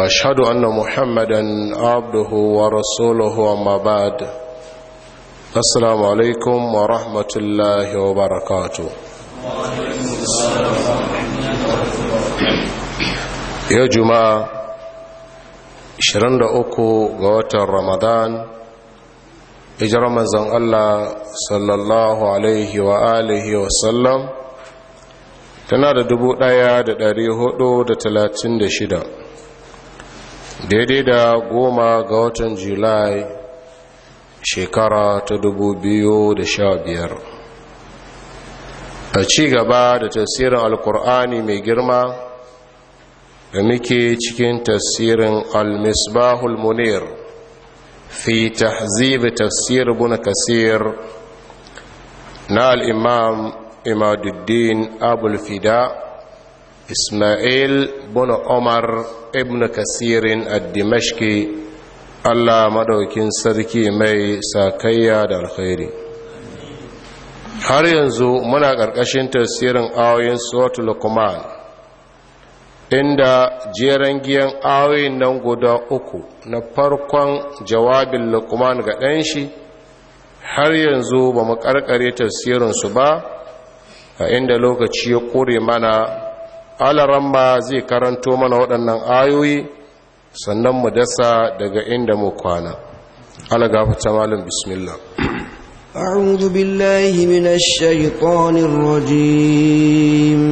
واشهد ان محمدا عبده ورسوله اما بعد السلام عليكم ورحمه الله وبركاته يا جماعه 23 ga watan ramadan hijirar manzon Allah sallallahu alaihi wa alihi wa sallam tana da shida. daidai da goma ga watan julai shekara ta dubu biyu da sha biyar a ci gaba da tasirin alkur'ani mai girma da muke cikin tasirin al-misbahul munir fi tahzib tafsir ibn kasir na al-imam imaduddin abul fida ismail bin umar ibn kasirin ad-dimashqi Allah maɗaukin sarki mai sakayya da alkhairi har yanzu muna ƙarƙashin tasirin ayoyin suratul lukman, inda jeren giyan ayoyin nan guda uku na farkon jawabin lukman ga ɗan shi har yanzu ba mu ƙarƙare tasirinsu ba a inda lokaci ya ƙure mana alaran ma zai karanto mana waɗannan ayoyi sannan mu dasa daga inda mu kwana algafa ta malam bismillah a'udhu billahi minash shaitanir rajim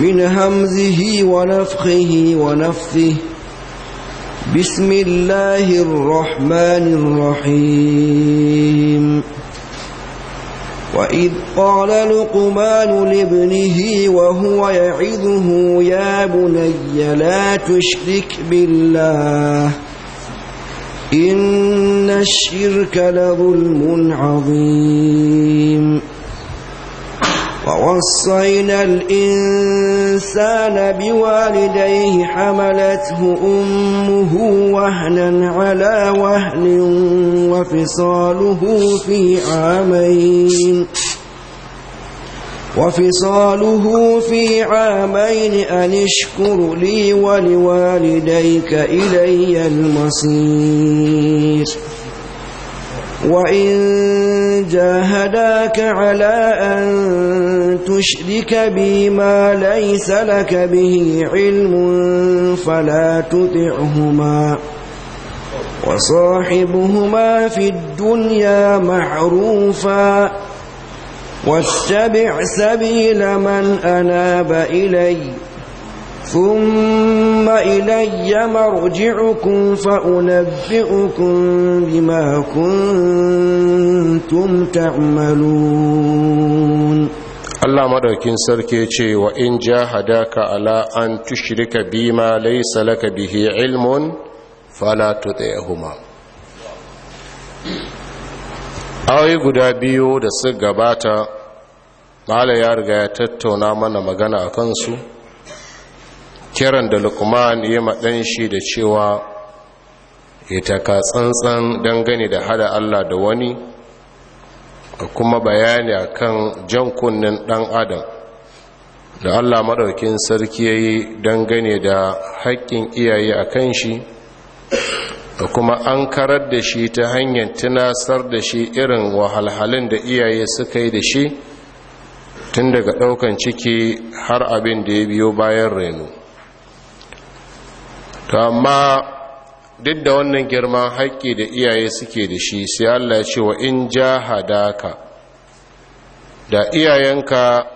min hamzihi wa nafthihi wa nafthi bismillahirrahmanirrahim وإذ قال لقمان لابنه وهو يعظه يا بني لا تشرك بالله إن الشرك لظلم عظيم ووصينا الإنسان بوالديه حملته أمه وهنا على وهن وفصاله في عامين وفصاله في عامين أن اشكر لي ولوالديك إلي المصير وإن جاهداك على أن تشرك بي ما ليس لك به علم فلا تطعهما وصاحبهما في الدنيا معروفا واتبع سبيل من أناب إليّ ثم إلي مرجعكم فأنبئكم بما كنتم تعملون Allah madaukin sarki ce wa in jahadaka ala an tushrika bima laysa laka bihi ilmun fala tuti'huma Ayoyi guda biyu da su gabata Mala ya riga ya tattauna mana magana a kansu kiran da lukman ya maɗan shi da cewa ya taka tsantsan dangane da hada allah da wani kuma bayani akan jan kunnen ɗan adam da allah maɗaukin sarki ya yi dangane da haƙƙin iyaye a kan shi da kuma an karar da shi ta hanyar tunasar da shi irin wahalhalin da iyaye suka yi da shi tun daga ɗaukan ciki har abin da ya biyo bayan reno to amma duk da wannan girman haƙƙi da iyaye suke da shi sai Allah ya ce wa in jahadaka da iyayenka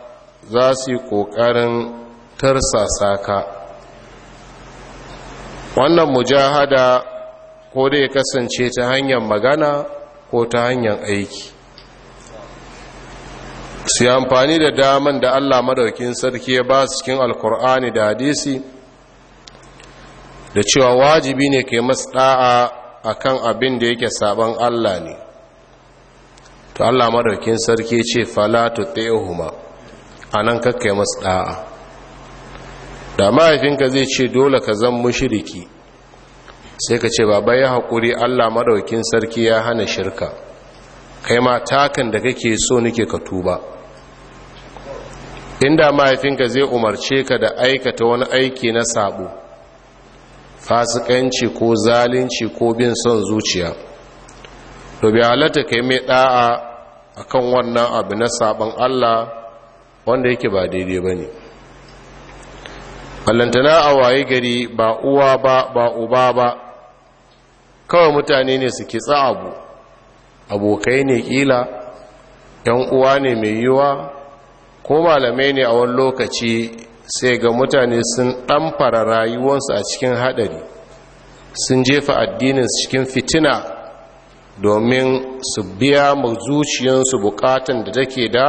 za su yi ƙoƙarin tarsasa ka wannan mujahada ko da ya kasance ta hanyar magana ko ta hanyar aiki su amfani da daman da Allah madaukin sarki ya ba su cikin alkur'ani da hadisi da cewa wajibi ne ke masu da'a a kan abin da yake saban Allah ne to Allah madaukin sarki ce falatu tsaye a nan kakkai masu da mahaifinka zai ce dole ka zan mushiriki sai ka ce baba ya haƙuri Allah madaukin sarki ya hana shirka kai ma takan da kake so nake ka tuba inda mahaifinka zai umarce ka da aikata wani aiki na sabo fasikanci ko zalunci ko bin son zuciya to bi halatta kai mai da'a akan wannan abu na sabon Allah wanda yake ba daidai bane ballantana a waye gari ba uwa ba ba uba ba kawai mutane ne su kitsa abu abokai ne kila yan uwa ne mai yiwa ko malamai ne a wani lokaci sai ga mutane sun ɗamfara rayuwansu a cikin haɗari sun jefa addinin su cikin fitina domin su biya ma zuciyarsu bukatan da take da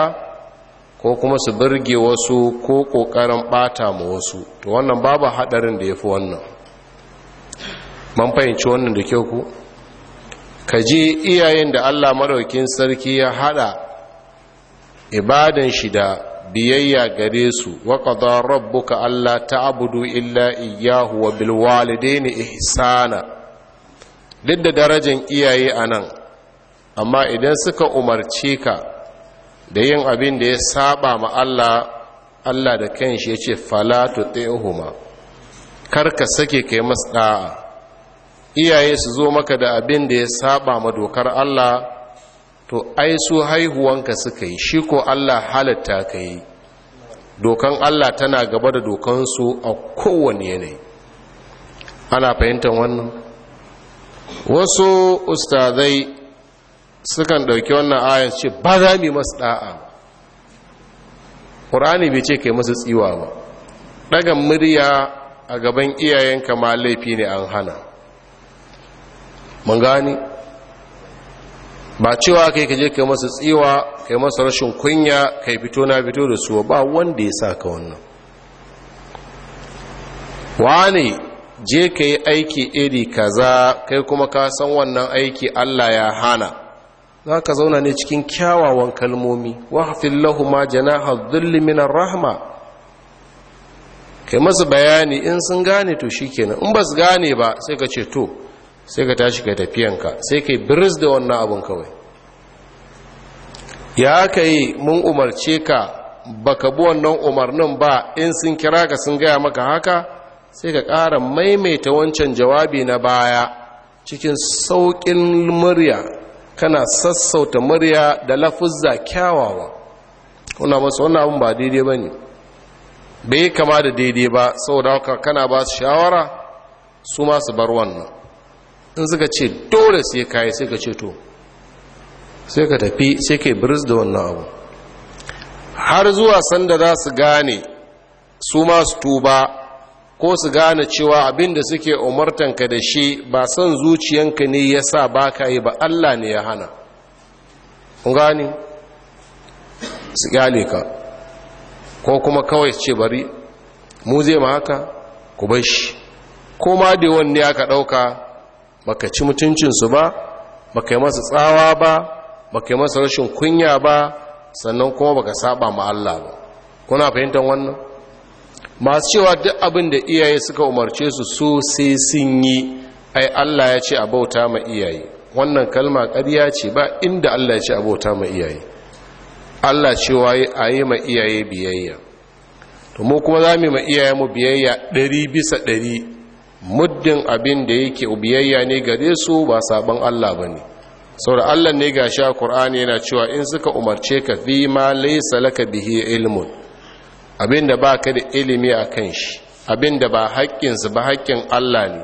ko kuma su birge wasu ko ƙoƙarin ɓata ma wasu to wannan babu haɗarin da ya fi wannan man fahimci wannan da kyau ku ka ji iyayen da allah maraukin sarki ya haɗa ibadan shi da biyayya gare su wa qada rabbuka ta abudu illa iyyahu wa bilwalide walidaini ihsana duk da darajar iyaye nan amma idan suka umarci ka da yin abin da ya saba ma Allah Allah da kanshi falatu fala kar karka sake kai masu iyaye su zo maka da abin da ya saba ma dokar Allah to ai su haihuwanka suka yi shi ko Allah halatta ka yi dokan Allah tana gaba da dokansu a kowane yanayi ana fahimtar wannan wasu ustazai sukan ɗauki wannan ayan ce ba za mu masu ɗa'a ƙur'ani bai ce kai masu tsiwa ba ɗagan murya a gaban iyayenka ma laifi ne an hana mun gani ba cewa kai kaje kai masa tsiwa kai masa rashin kunya kai fito na fito da su ba wanda ya saka wannan Wani je ka aiki iri kaza kai kuma ka san wannan aiki Allah ya hana za ka zauna ne cikin kyawawan kalmomi lahu ma janaha dhulli minar rahma kai masu bayani in sun gane to shikenan in ba su gane ba sai ka ce to sai ka tashi ka tafiyanka sai ka yi biris da wannan abin kawai ya ka yi mun umarce ka ba ka bi wannan umarnin ba in sun kira ka sun gaya maka haka sai ka ƙara maimaita wancan jawabi na baya cikin sauƙin murya kana sassauta murya da lafuzza kyawawa kuna masu wannan abin ba daidai ba ne bai kama da daidai ba saboda haka kana ba su shawara su masu bar wannan in suka ce dole sai kayi sai ka ce to sai ka tafi sai ka biris da wannan abu har zuwa sanda za su gane su masu tuba ko su gane cewa abinda suke umartanka da shi ba son zuciyanka ne ya sa ba ka yi ba allah ne ya hana gani su kyale ka ko kuma kawai ce bari mu zai ma haka ku bai shi ko ma da wanne aka ɗauka baka ci mutuncinsu ba baka yi masa tsawa ba baka yi masa rashin kunya ba sannan kuma baka saba ma Allah ba kuna fahimtar wannan masu cewa duk abin da iyaye suka umarce su so sai sun yi ai Allah ya ce a bauta ma iyaye wannan kalma ƙarya ce ba inda Allah ya ce a bauta ma iyaye Allah cewa a yi ma iyaye biyayya to mu kuma za mu ma iyaye mu biyayya ɗari bisa ɗari muddin abin da yake biyayya ne gare su ba sabon Allah ba ne saboda Allah ne ga sha Qur'ani yana cewa in suka umarce ka fi ma laysa laka bihi ilmun abin da ba ka da ilimi akan shi abin da ba haƙƙin su ba haƙƙin Allah ne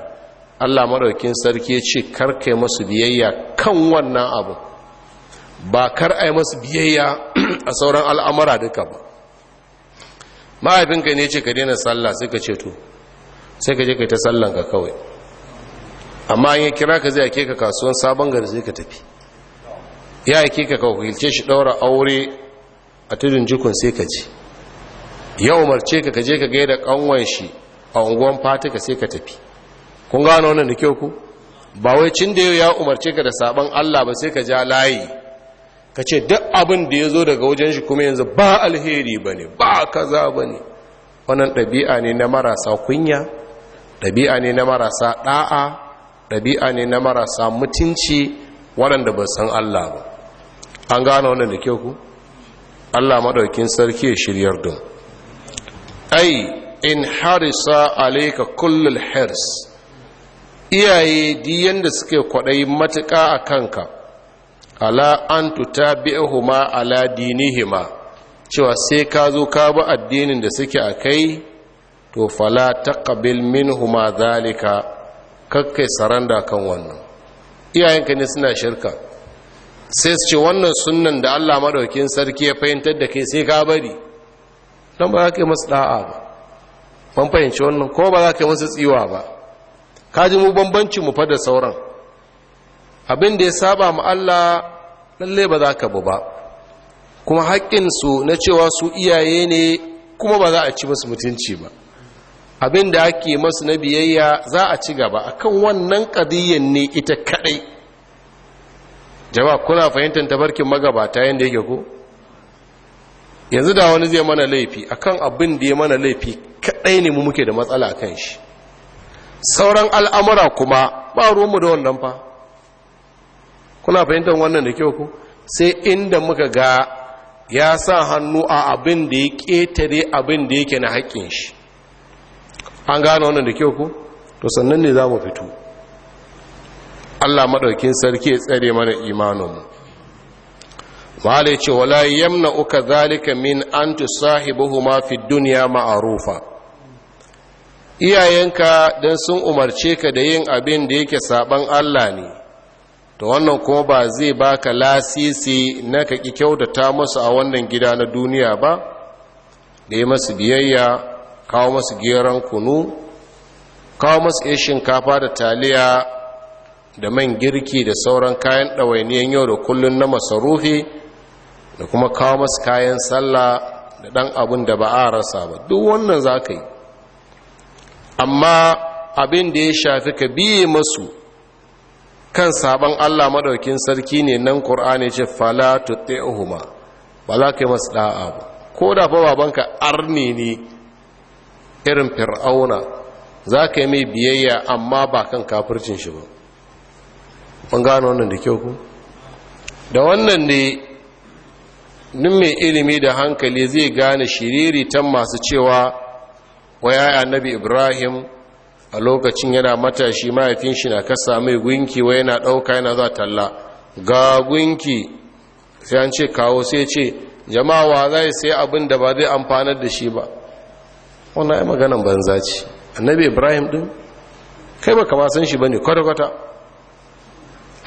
Allah madaukin sarki ya ce yi masu biyayya kan wannan abu ba kar ai masu biyayya a sauran al'amura duka ba ma'aifinka ne ce ka daina sallah sai ka ce to sai ka je ka ta sallan ka kawai amma an yi kira ka zai ake ka kasuwan sabon gari sai ka tafi ya ake ka kawakilce shi ɗaura aure a tudun jikun sai ka ji ya umarce ka kaje ka gaida kanwan shi a unguwan ka sai ka tafi kun gano wannan da kyau ku ba wai cin da ya umarce ka da sabon allah ba sai ka ja layi ka ce duk abin da ya zo daga wajen shi kuma yanzu ba alheri ba ne ba kaza ba wannan ɗabi'a ne na marasa kunya ɗabi'a ne na marasa ɗa'a ɗabi'a ne na marasa mutunci waɗanda ba san Allah ba an gane wannan da kyau ku Allah maɗaukin sarki ya shiryar don ai in harisa alaika kullul hirs iyaye diyan da suke kwaɗayi matuƙa a kanka ala an huma ala dinihima cewa sai ka zo ka bi addinin da suke a kai to fala taqabil minhuma zalika kakke saranda kan wannan iyayenka ne suna shirka sai su ce wannan sunnan da Allah madaukin sarki ya fahimtar da kai sai ka bari don ba za ka yi masu da'a ba ban fahimci wannan ko ba za ka yi masu tsiwa ba ka ji mu bambanci mu fa da sauran abin da ya saba mu Allah lalle ba za ka bu ba kuma haƙƙinsu na cewa su iyaye ne kuma ba za a ci musu mutunci ba abin da ake masu na biyayya za a ci gaba akan wannan ƙadiyyar ne ita kaɗai Jawa kuna fahimtar tabarkin magabata yadda yake ku? yanzu da wani zai mana laifi akan abin da ya mana laifi kaɗai ne mu muke da matsala kan shi sauran al'amura kuma ba ruwanmu da wannan fa kuna fahimtar wannan da kyau ku sai inda muka ga ya sa hannu a abin da ya ƙetare abin da yake na haƙƙin shi an gane wannan da kyau ko to sannan ne za mu fito allah maɗaukin sarki ya tsare mana imaninmu mahala ya ce wala yamna uka zalika min an sahibu ma fi duniya ma'arufa iyayenka don sun umarce ka da yin abin da yake saban allah ne to wannan kuma ba zai baka lasisi na ka ƙi kyautata musu a wannan gida na duniya ba da yi masu biyayya kawo masu geron kunu kawo masu iya shinkafa da taliya da man girki da sauran kayan ɗawainiyan yau da kullun na masarufi da kuma kawo masu kayan sallah da ɗan abin da ba a rasa ba duk wannan za ka yi amma abin da ya shafi ka biye masu kan sabon allah maɗaukin sarki ne nan ƙur'ani ce fala tutte ba za ka yi masu ɗa'a ba ko da fa babanka arni ne irin fir'auna za ka yi mai biyayya amma ba kan kafircin shi ba mun gano wannan da kyau ku da wannan ne nun mai ilimi da hankali zai gane shiriri ta masu cewa waya annabi ibrahim a lokacin yana matashi mahaifin shi na kasa mai gunki wa yana ɗauka yana za talla ga gunki sai an ce kawo sai ce jama'a zai sai abin da ba zai amfanar da shi ba wannan ai maganan banza ce annabi ibrahim din kai baka ma san shi bane kwata-kwata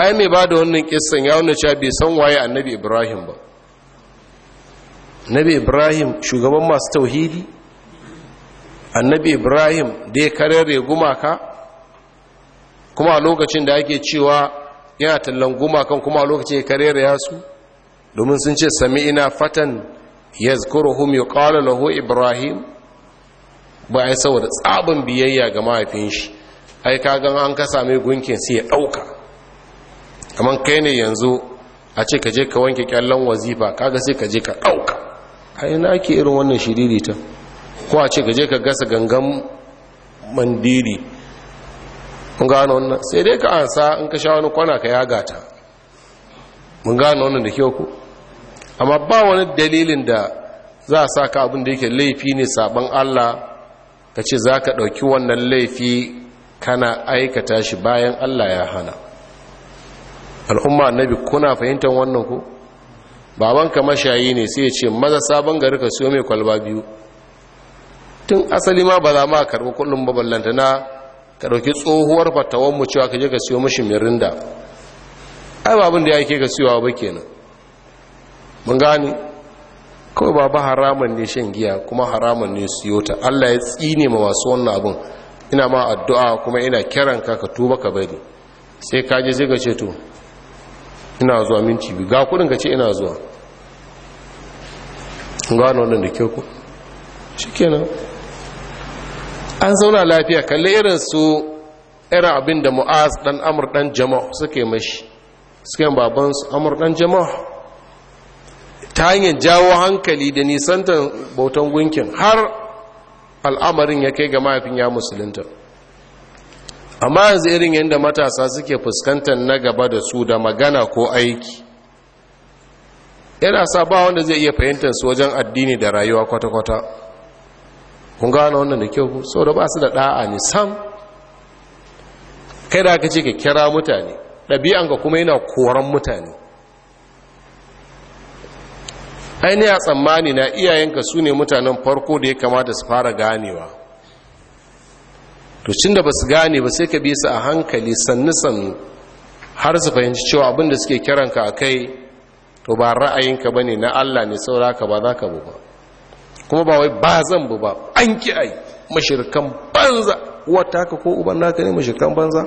ai mai bada wannan kissan ya wani cewa bai san waye annabi ibrahim ba annabi ibrahim shugaban masu tauhidi annabi ibrahim da ya karere gumaka kuma a lokacin da ake cewa yana tallan gumakan kuma a lokacin ya karere ya su domin sun ce sami ina fatan ya zukuru lahu ibrahim ba ai saboda tsabin biyayya ga mahaifin shi ai kagan an ka same gunkin sai ya dauka kamar kai ne yanzu a ce ka je ka wanke kyallon wazifa kaga sai ka je ka dauka ai na ke irin wannan ta ko a ce ka je ka gasa gangan mandiri mun gano wannan sai dai ka ansa in ka sha wani kwana ka yaga ta mun gano wannan da kyau ko amma ba wani dalilin da za a sa ka abin da yake laifi ne sabon Allah ka ce za ka ɗauki wannan laifi kana aikata shi bayan allah ya hana al'umma annabi kuna fahimtar wannan ku babanka mashayi ne sai ya ce maza sabon gari ka siyo mai kwalba biyu tun asali ma ba za ma karɓi kullum ba ballanta na ka ɗauki tsohuwar fatawan mu cewa ka je ka siyo mashi mirinda ai babin da ya ke ka siyowa ba kenan mun gane kawai ba ba haramun ne shan giya kuma haramun ne siyo ta Allah ya tsine ma masu wannan abun ina ma addu'a kuma ina kiran ka ka tuba ka bari sai ka je sai ka ce to ina zuwa minti biyu ga kudin ka ce ina zuwa gano wannan da kyau ku shikenan an zauna lafiya kalli irin su irin abin da mu'az dan amur dan jama'a suke mashi suke babansu amur dan jama'a ta hanyar jawo hankali da nisanta bautan gunkin har al'amarin ya kai ga mahaifin ya musulunta amma yanzu irin yadda matasa suke fuskantar na gaba da su da magana ko aiki yana sa ba wanda zai iya fahimtar su wajen addini da rayuwa kwata-kwata kun gano wannan da kyau sau da ba su da ɗa'a ne sam kai da aka ce ka kira mutane Ɗabi'an ɗabi'anka kuma yana koran mutane ainihin tsammani na iyayenka su ne mutanen farko da ya kamata su fara ganewa to cin da ba su gane ba sai ka bi su a hankali sannu-sannu har su fahimci cewa abinda suke kiranka a kai to ba ra'ayinka ba ne na allah ne sauraka ba za ka bu ba kuma ba wai ba zan bu ba an ki ai mashirkan banza wata ka ko uban naka ne mashirkan banza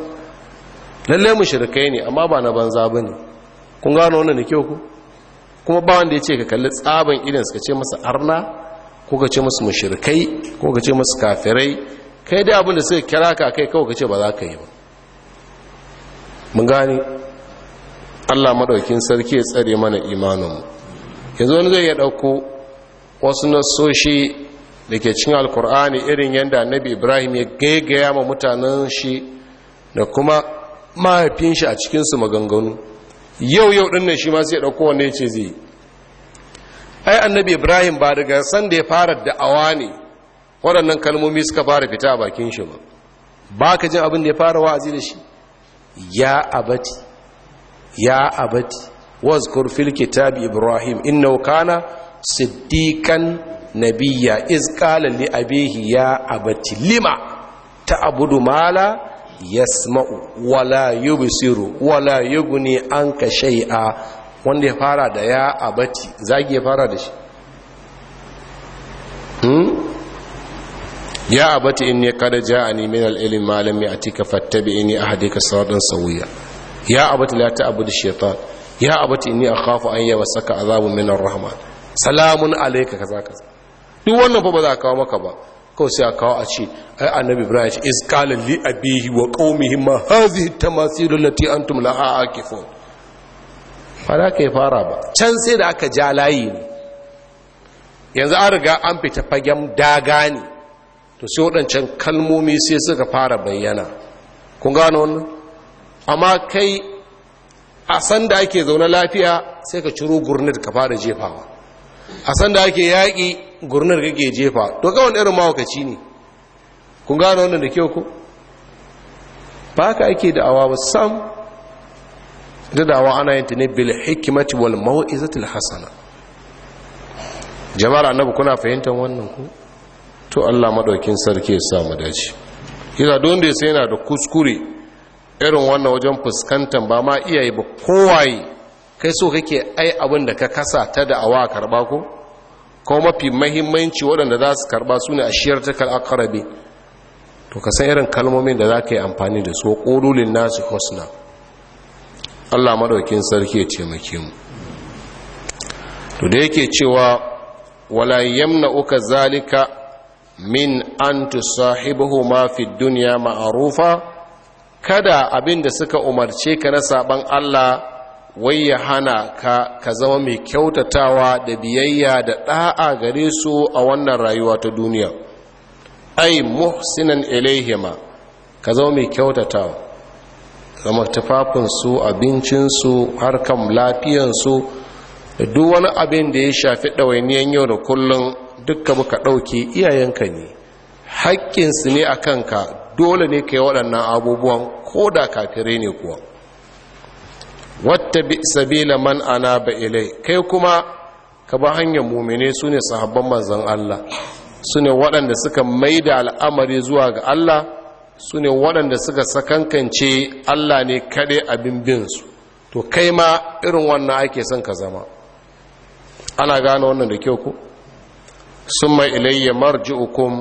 lallai mashirkai ne amma ba na banza ba ne kun gano wannan da kyau ku kuma ba wanda ya ce ka kalli tsaban idan suka ce masa arna ko ka ce masu mashirkai ko ka ce masu kafirai kai dai abinda suka kira ka kai kawai ka ce ba za ka yi ba mun gani allah maɗaukin sarki ya tsare mana imanin yanzu wani zai ya ɗauko wasu nasoshi da ke cin alkur'ani irin yadda annabi ibrahim ya gaigaya ma mutanen shi da kuma mahaifin shi a cikinsu maganganu yau yau din nan shi ma sai dauko wanda yace zai ai annabi ibrahim ba daga san da ya fara da'awa ne waɗannan kalmomi suka fara fita a bakin shi ba ba ka jin abin da ya fara wa'azi da shi ya abati ya abati wazkur fil kitabi ibrahim innahu kana siddiqan nabiyya iz qala li abihi ya abati lima ta'budu mala yasma'u wala yubsiru wala yughni anka shay'a wanda ya fara da ya abati zagi ya fara da shi hmm ya abati ya kada ja'ani min al-ilm ma lam ya'tika fattabi'ni ahadika siratan sawiya ya abati la ta'budu shaytan ya abati inni akhafu an yawsaka azabun min ar-rahman salamun alayka kaza kaza duk wannan fa ba za ka kawo maka ba kawai sai a kawo a ce ai annabi ibrahim ce is qala li abihi wa qaumihi ma hadhihi tamasilu allati antum laha akifun ba da ka yi fara ba can sai da aka ja layi ne yanzu an riga an fita fagen daga ne to sai waɗancan kalmomi sai suka fara bayyana kun gano wannan amma kai a san da ake zaune lafiya sai ka ciro gurnit ka fara jefawa a san da ake yaƙi gurnar kake jefa to ga wani irin mawakaci ne kun gano wannan da kyau ko ba ka ake awa ba sam da dawa ana yin ta ne bil hikimati wal al hasana jama'ar annabi kuna fahimtar wannan ku to Allah madaukin sarki ya sa mu dace yana don da sai yana da kuskure irin wannan wajen fuskantar ba ma iyaye ba kowaye kai so kake ai abin da ka kasa ta da da'awa karba ko ko mafi mahimmanci waɗanda za su karɓa su ne a shiyar takal akarabe to ka san irin kalmomin da za ka yi amfani da su ƙorulin nasu hosna allah maɗaukin sarki ya taimake mu to da yake cewa wala yamna uka zalika min an tusahibahu ma fi duniya ma'arufa kada abin da suka umarce ka na saban allah wai ya hana ka ka zama mai kyautatawa da biyayya da ɗa'a gare su a wannan rayuwa ta duniya ai muhsinan ilaihima ka zama mai kyautatawa zama tufafinsu abincinsu harkan lafiyansu da duk wani abin da ya shafi ɗawainiyan yau da kullum dukka muka ɗauke iyayenka ne haƙƙinsu ne a kanka dole ne ka yi waɗannan abubuwan ko da kafirai ne kuwa wata sabila man ana ba ilai kai kuma ka ba hanyar mumine su ne sahabban manzan Allah su ne waɗanda suka maida al'amari zuwa ga Allah su ne waɗanda suka sakankance Allah ne kaɗai abin binsu to kai ma irin wannan ake son ka zama ana gane wannan da kyau ku sun mai ilayya marji'ukum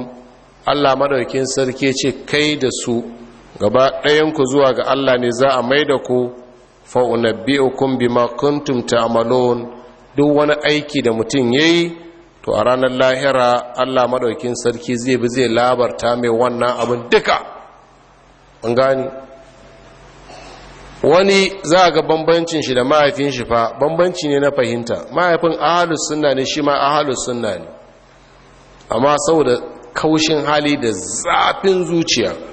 Allah madaukin sarki ce kai da su gaba ɗayanku zuwa ga Allah ne za a maida ku fa'unabbi'ukum bima kuntum ta'malun duk wani aiki da mutum yayi to a ranar lahira Allah madaukin sarki zai bi zai labarta mai wannan abin duka an gani wani za ga bambancin shi da mahaifin shi fa bambanci ne na fahimta mahaifin ahalus sunna ne shi ma ahalus sunna ne amma saboda kaushin hali da zafin zuciya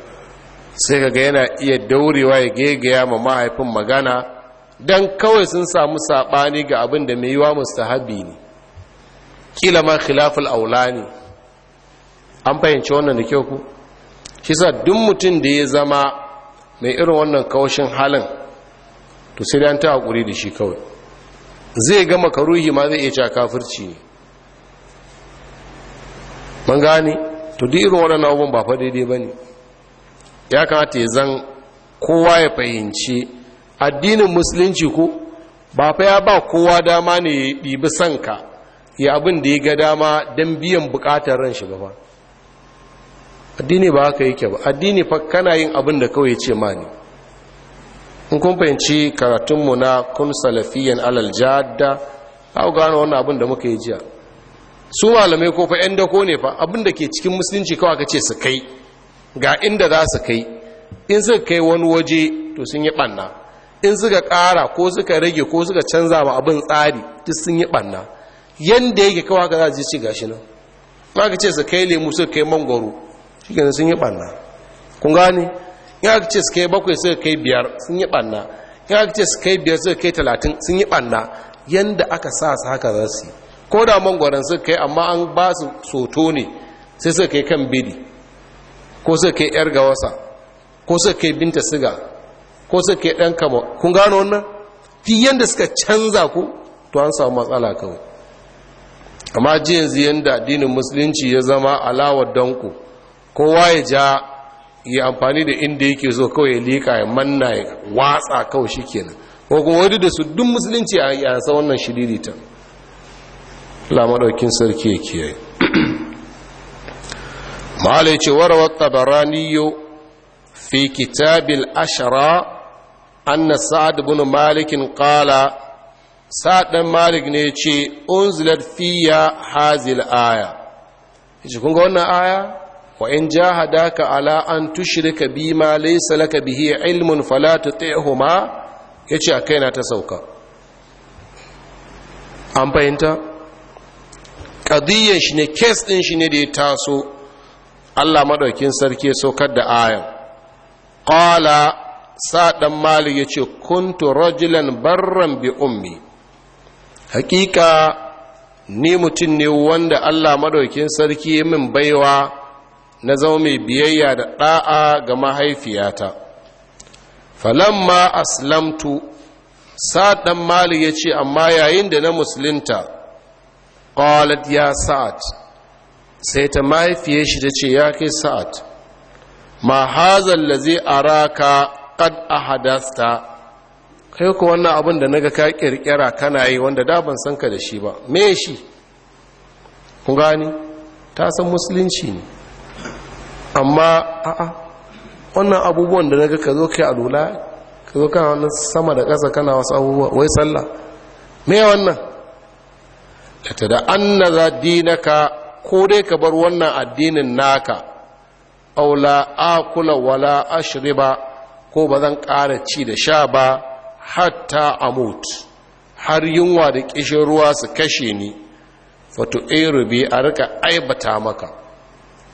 sai kaga yana iya daurewa ya gegaya ma mahaifin magana don kawai sun samu saɓani ga abin da mai yiwa mustahabi ne kila ma khilafin aula ne an fahimci wannan da kyau ku shi duk mutum da ya zama mai irin wannan kaushin halin to sai da ta hakuri da shi kawai zai gama karuhi ma zai iya ca kafirci ne man gane to duk irin waɗannan abubuwan ba fa daidai ba ne ya kamata ya zan kowa ya fahimci addinin musulunci ko ba fa ya ba kowa dama ne ya ɗibi sanka ya abin da ya ga dama don biyan bukatar ran shi ba addini ba haka yake ba addini fa kana yin abin da kawai ce ma ne in kun fahimci karatunmu na kun salafiyan alal jadda ta gano wannan abin da muka yi jiya su malamai ko fa yan dako ne fa abin da ke cikin musulunci kawai ka ce su kai ga inda za su kai in suka kai wani waje to sun yi ɓanna in suka ƙara ko suka rage ko suka canza ma abin tsari duk sun yi ɓanna yadda yake kawo ka za su ci gashi nan ba ka ce su kai lemu suka kai mangoro shi sun yi ɓanna kun gane in aka ce su kai bakwai suka kai biyar sun yi ɓanna in aka ce su kai biyar suka kai talatin sun yi ɓanna yadda aka sa su haka za su yi ko da mangwaron suka kai amma an ba su soto ne sai suka kai kan bidi ko suka kai yar gawasa ko suka kai binta siga ko suka kai ɗan kama kun gano wannan fi yadda suka canza ku to an samu matsala kawai amma ji yanzu yadda addinin musulunci ya zama alawar ku, kowa ya ja ya amfani da inda yake so kawai ya lika ya manna ya watsa kawai shi kenan ko kuma wani da su duk musulunci a yasa wannan shiririta lamaɗaukin sarki ya kiyaye malai ce warawar tabaraniyo fi kitabil ashara an na sa'ad bin malikin kala sa'ad ɗan malik ne ce unzular fiya hazil aya yace kunga wannan aya wa in jahadaka ala an bi ma laysa laka bihi ilmun ma. Ya ce a kaina ta sauka an fahimta ƙadiyyar shi ne kes ɗin shi ne da ya taso Allah madaukin sarki saukar da ayan qala sa'dan mali yace kuntu rajulan barran bi ummi hakika ni mutum ne wanda Allah madaukin sarki min baiwa na zama mai biyayya da ɗa'a ga mahaifiyata falamma aslamtu saɗan Dan mali ya ce amma yayin da na musulunta ƙwalat ya sa'ad sai ta mahaifiye shi ta ce ya ke sa'ad ma hazal ka araka a ahadasta kai ku wannan abin da naga ka ƙirƙira kana yi wanda da ban san ka da shi ba me shi ku gani ta san musulunci ne amma a'a wannan abubuwan da naga ka zo kai lula, ka zo kana wannan sama da ƙasa kana wasu abubuwa wai sallah me wannan ta da anna za dinaka ko dai ka bar wannan addinin naka aula akula wala ashriba ko ba zan ƙara ci da sha ba hatta amut har yunwa da ƙishin ruwa su kashe ni fato irubi a rika aibata maka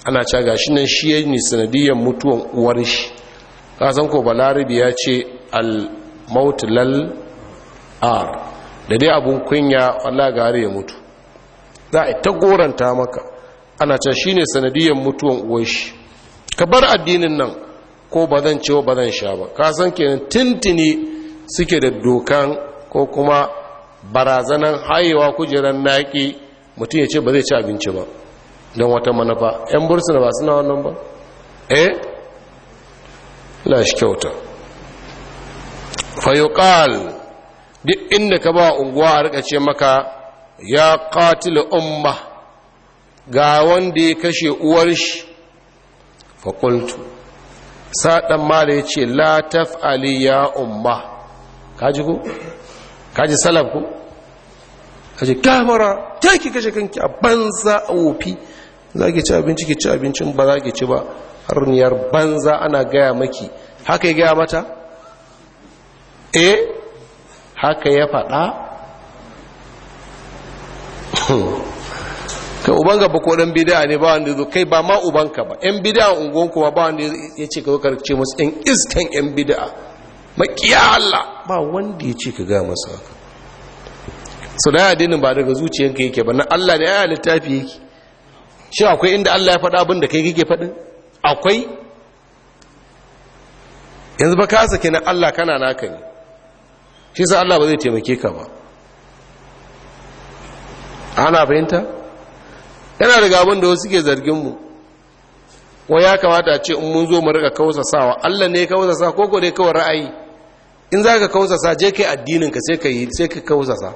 ana caga shi nan shi ya ne sanadiyyar mutuwan uwar shi kasan ko balarabi ya ce al-mautulal ar da dai abun kunya wallah gare ya mutu za a ta goranta maka ana can shine sanadiyar mutuwan uwashi ka bar addinin nan ko ba zan cewa ba zan sha ba ka san kenan tintini suke da dokan ko kuma barazanan hayewa kujeran naki mutum ya ce ba zai ci abinci ba don wata manufa 'yan bursuna ba suna wannan ba eh lashi kyauta fayokal duk inda ka ba unguwa a rikace maka ya katila umma ga wanda ya kashe uwar shi fakultu Saɗan mara mala yace la aliya ya umma kaji ku? kaji salaf ku? kaji kamara take kashe kanki a banza a wofi za ki ci abinci ki ci abincin ba za ki ci ba harniyar banza ana gaya maki haka ya gaya mata eh haka ya faɗa Hmm. ka uban ba ko dan ne ba wanda kai ba ma ubanka ba yan bid'a unguwan kuma ba wanda ya ce ka zo karce musu yan iskan yan bidiya makiya Allah ba wanda ya ce ka ga masa haka so da addinin ba daga zuciyanka yake ba na Allah ne ya littafi yake shi akwai inda Allah ya faɗa abin da kai kake faɗin akwai yanzu ba ka sake na Allah kana naka ne shi sa Allah ba zai taimake ka ba ana fahimta yana daga abin da wasu ke zarginmu Ko ya kamata ce in mun zo mu riga kausasawa allah ne kausasa ko ko dai kawai ra'ayi in za ka kausasa je kai addinin ka sai ka yi sai ka kausasa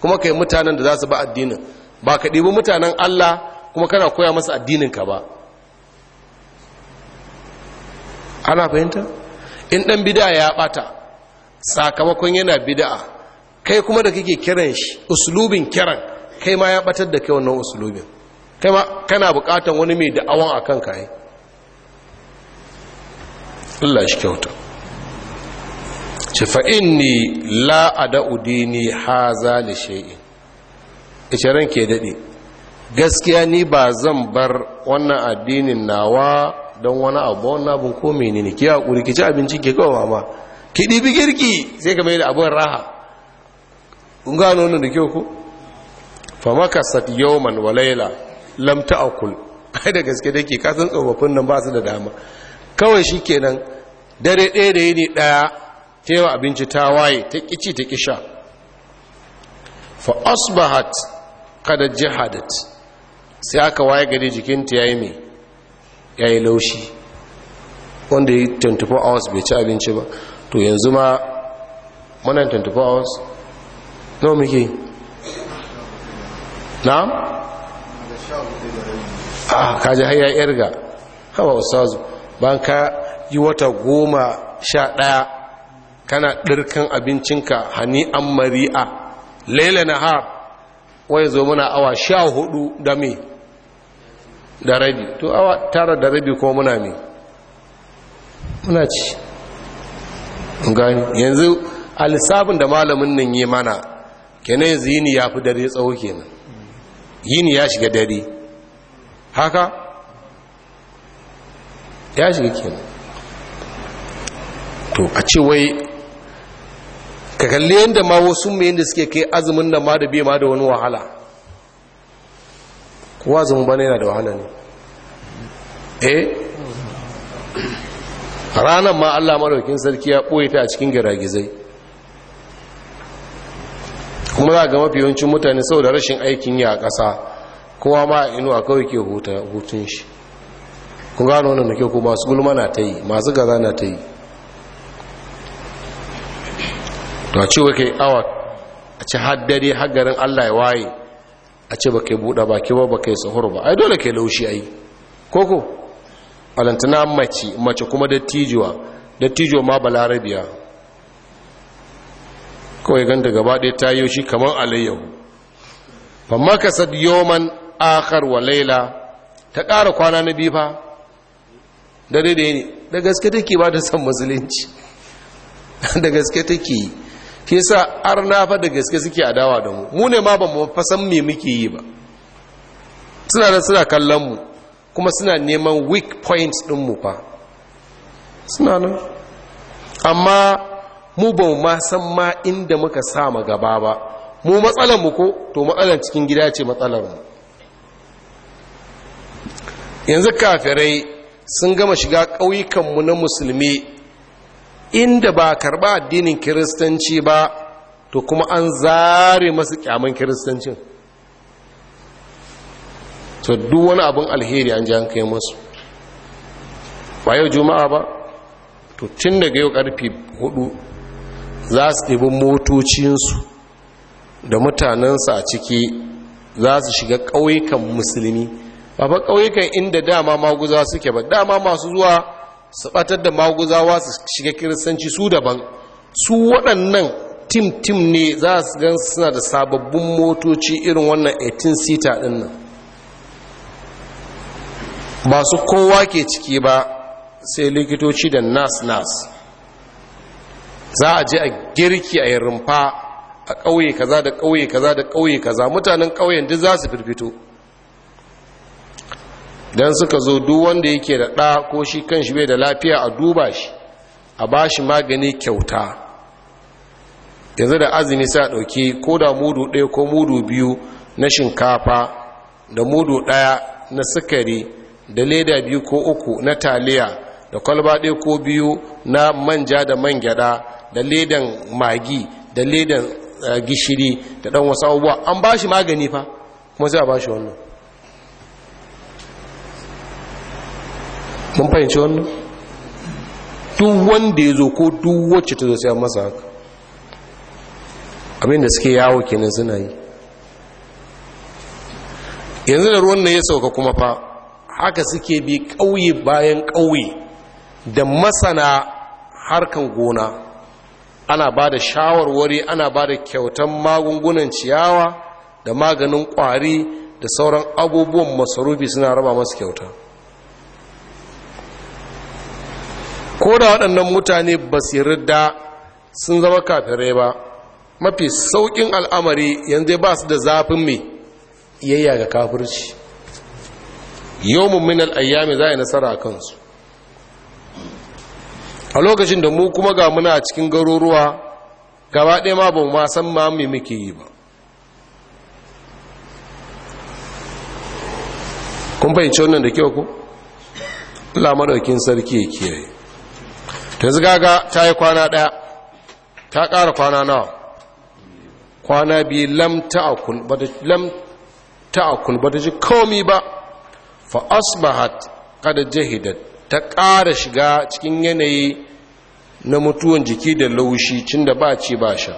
kuma kai mutanen da za su ba addinin ba ka ɗibi mutanen allah kuma kana koya masa addinin ka ba ana fahimta in ɗan bida ya ɓata sakamakon yana bida kai kuma da kake kiran shi uslubin kiran kai ma ya batar da kai wannan usulubin kai ma kana bukatan wani mai da'awan akan kayi Allah shi kyauta ce fa inni la ada'u dini haza da sha'i. ice ke daɗe gaskiya ni ba zan bar wannan addinin nawa don wani abu wani abin ko mene ne ki haƙuri ki ci abinci ki kawo mama ki ɗibi girki sai ka mai da abin raha kun nuna da kyau ko fa makasat yawman wa layla lam ta'kul ai da gaske dake ka san tsofaffin nan ba su da dama kawai shikenan dare ɗaya da yini ɗaya tewa abinci ta waye ta kici ta kisha fa asbahat kada jihadat sai aka waye gari jikinta yayi me yayi laushi wanda yi 24 hours bai ci abinci ba to yanzu ma muna 24 hours nawa muke na'am a ah, kaji haya irga hawa usazu ban ka yi wata goma sha ɗaya kana dirkan abincinka hani an mari'a laila na har wai zo muna awa sha hudu da me da rabi to awa tara da rabi ko muna ne? muna ci yanzu alisabin da malamin nan yi mana kenan zini ya fi dare tsawo kenan yini ya shiga dare haka ya shiga kenan to a ce wai ka kalli yadda ma wasu mai yadda suke kai azumin da ma da biya ma da wani wahala Kuwa azumin bane yana da wahala ne eh ranar ma allah maraukin sarki ya ɓoye ta a cikin giragizai kuma za ga mafi yawancin mutane saboda rashin aikin yi a ƙasa kowa ma a inuwa kawai ke hutun shi ku gano wannan da kyau ko masu gulma na ta yi masu gaza na ta yi a ce wa kai awa a ce haddare haggarin allah ya waye a ce ba kai buɗa ba ke ba ba kai sahur ba ai dole kai laushi ai koko alantana mace mace kuma dattijuwa dattijuwa ma balarabiya kawai ganta gaba ɗaya ta yi shi kamar alayyahu ba ka sad yoman akar wa laila ta ƙara kwana na biyu fa da daidai ne da gaske take ba ta san musulunci da gaske take yi ke sa arna fa da gaske suke adawa da mu mu ne ma ba mu fa san me muke yi ba suna da suna kallon mu kuma suna neman weak points din mu fa suna nan amma mu ba mu ma ma inda muka sa ma gaba ba mu matsalar mu ko to matsalar cikin gida ce matsalar mu yanzu kafirai sun gama shiga ƙauyukan mu na musulmi inda ba karba addinin kiristanci ba to kuma an zare masu kyaman kiristanci. to duk wani abun alheri an ji an kai masu ba yau juma'a ba to tun daga yau karfe hudu za su ɗibi motocinsu da mutanensu a ciki za su shiga ƙauyukan musulmi ba ba ƙauyukan inda dama maguza suke ba dama masu zuwa su ɓatar da maguzawa su shiga kiristanci su daban su waɗannan tim-tim ne za su gan suna da sababbin motoci irin wannan 18 sita ɗin nan masu kowa ke ciki ba sai likitoci da nas-nas za a je a girki a yi rumfa a ƙauye kaza da ƙauye kaza da ƙauye kaza mutanen ƙauyen duk za su firfito don suka zo duk wanda yake da ɗa ko shi kan shi bai da lafiya a duba shi a ba shi magani kyauta yanzu da azumi sa ɗauki ko da mudu ɗaya ko mudu biyu na shinkafa da mudu ɗaya na sukari da leda biyu ko uku na taliya da kwalba ɗaya ko biyu na manja da man gyada da ledan magi da ledan eh, gishiri da dan wasu abubuwa an ba shi magani fa kuma sai a ba shi wannan mun fahimci wannan duk wanda ya zo ko duk wacce ta zo sai an masa haka abinda suke yawo kenan suna yi yanzu da ruwan na ya sauka kuma fa haka suke bi ƙauye bayan ƙauye da masana harkan gona ana ba da shawarwari ana ba da kyautan magungunan ciyawa da maganin ƙwari da sauran abubuwan masarufi suna raba masu kyauta ko da waɗannan mutane basirar da sun zama kafirai ba mafi sauƙin al'amari yanzu ba su da zafin mai yayya ga kafirci yau mummunan ayyami za a yi nasara a kansu a lokacin da mu kuma ga muna a cikin garuruwa gaba ɗaya ma ba ma san ma mai muke yi ba kun fahimci wannan da kyau ku Allah madaukin sarki ya kiyaye ta zigaga ta yi kwana ɗaya ta ƙara kwana nawa kwana biyu lam ta'akul ba ta ji komi ba fa asbahat kada jahidat ta ƙara shiga cikin yanayi na mutuwan jiki da laushi cin da ba ce ba sha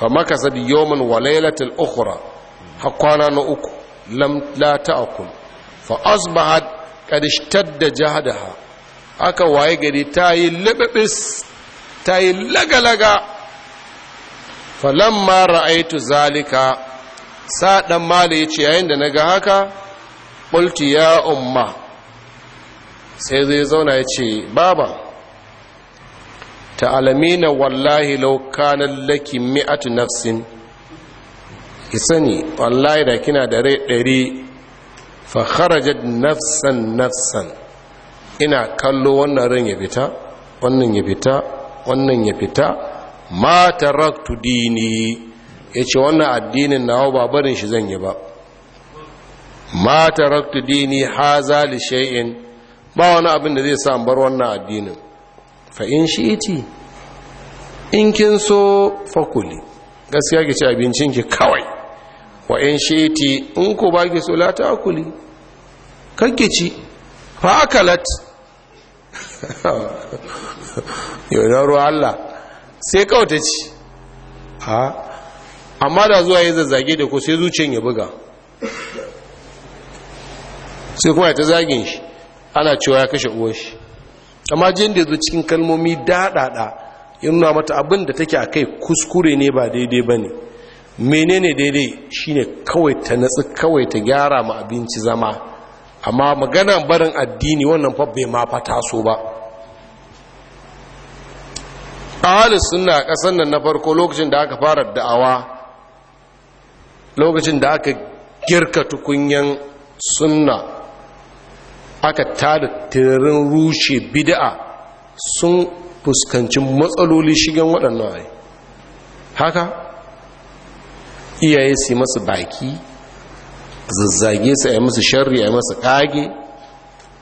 fa makasa da yawon walailatul ukhra hakwana na uku lam la ta'kul fa asbahat qad da ha. aka waye gari ta yi lababis ta yi lagalaga lamma ra'aitu zalika sa ɗan mali yace yayin da naga haka qultu ya umma sai zai zauna ya ce baba ta'alamina wallahi laukana laki mi'atu nafsin ki sani wallahi da kina da rai ɗari fa kharajar nafsan nafsan ina kallo wannan ran ya fita wannan ya fita wannan ya fita ma raktu dini ya ce wannan addinin nawa ba barin shi zan yi ba ma raktu dini haza zali shay'in ba wani abin da zai sa bar wannan addinin fa in iti, in kin so fakuli gaskiya ki ci abincin ki kawai wa in iti, in ku ba ki so lati akuli ki ci fa akalat yau da ruwa Allah sai kawai ta ci amma da zuwa yi zazzage da ku sai zuciya ya buga sai kuma ya ta zagin shi ana cewa ya kashe uwashi amma jin da zo cikin kalmomi daɗaɗa yin nuna mata abin da take a kai kuskure ne ba daidai ba ne menene daidai shine kawai ta natsi kawai ta gyara ma abinci zama amma magana barin addini wannan fa bai ma fata so ba ahli sunna ƙasar nan na farko lokacin da aka fara da'awa lokacin da aka girka tukunyan sunna aka tada tirin rushe bid'a sun fuskanci matsaloli shigen waɗannan ai haka iyaye su masu baki zazzage su a masu sharri a masu kage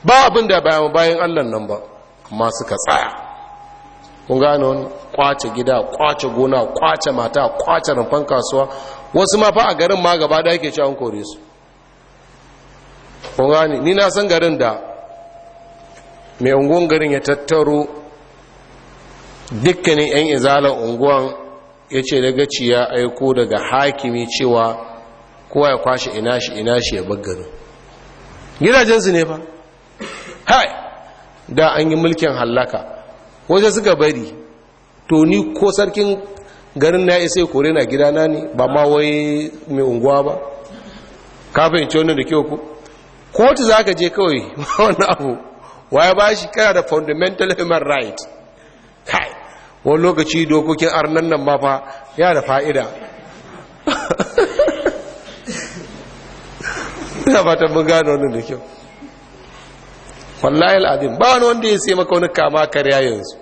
ba abin da bayan bayan allan nan ba amma suka tsaya kun gane wani kwace gida kwace gona kwace mata kwace rumfan kasuwa wasu ma fa a garin ma gaba da yake ci an kore su ƙungani ni na san garin da mai unguwan garin ya tattaro dukkanin 'yan izalar unguwan ya ce daga ci ya aiko daga hakimi cewa kowa ya kwashe ina shi ina shi ya baggarin gidajensu ne fa hai da an yi mulkin hallaka waje suka bari to ni ko sarkin garin na isai kore na gidana ne ba ma wai mai unguwa ba kafin ce da kyau ku kotu za ka je kawai wani abu waya ba shi kana da fundamental human right kai wani lokaci dokokin arnan nan ma fa ya da fa'ida ina fata mun gano wannan da kyau wallahi al'adun ba wani wanda ya sai maka wani kama karya yanzu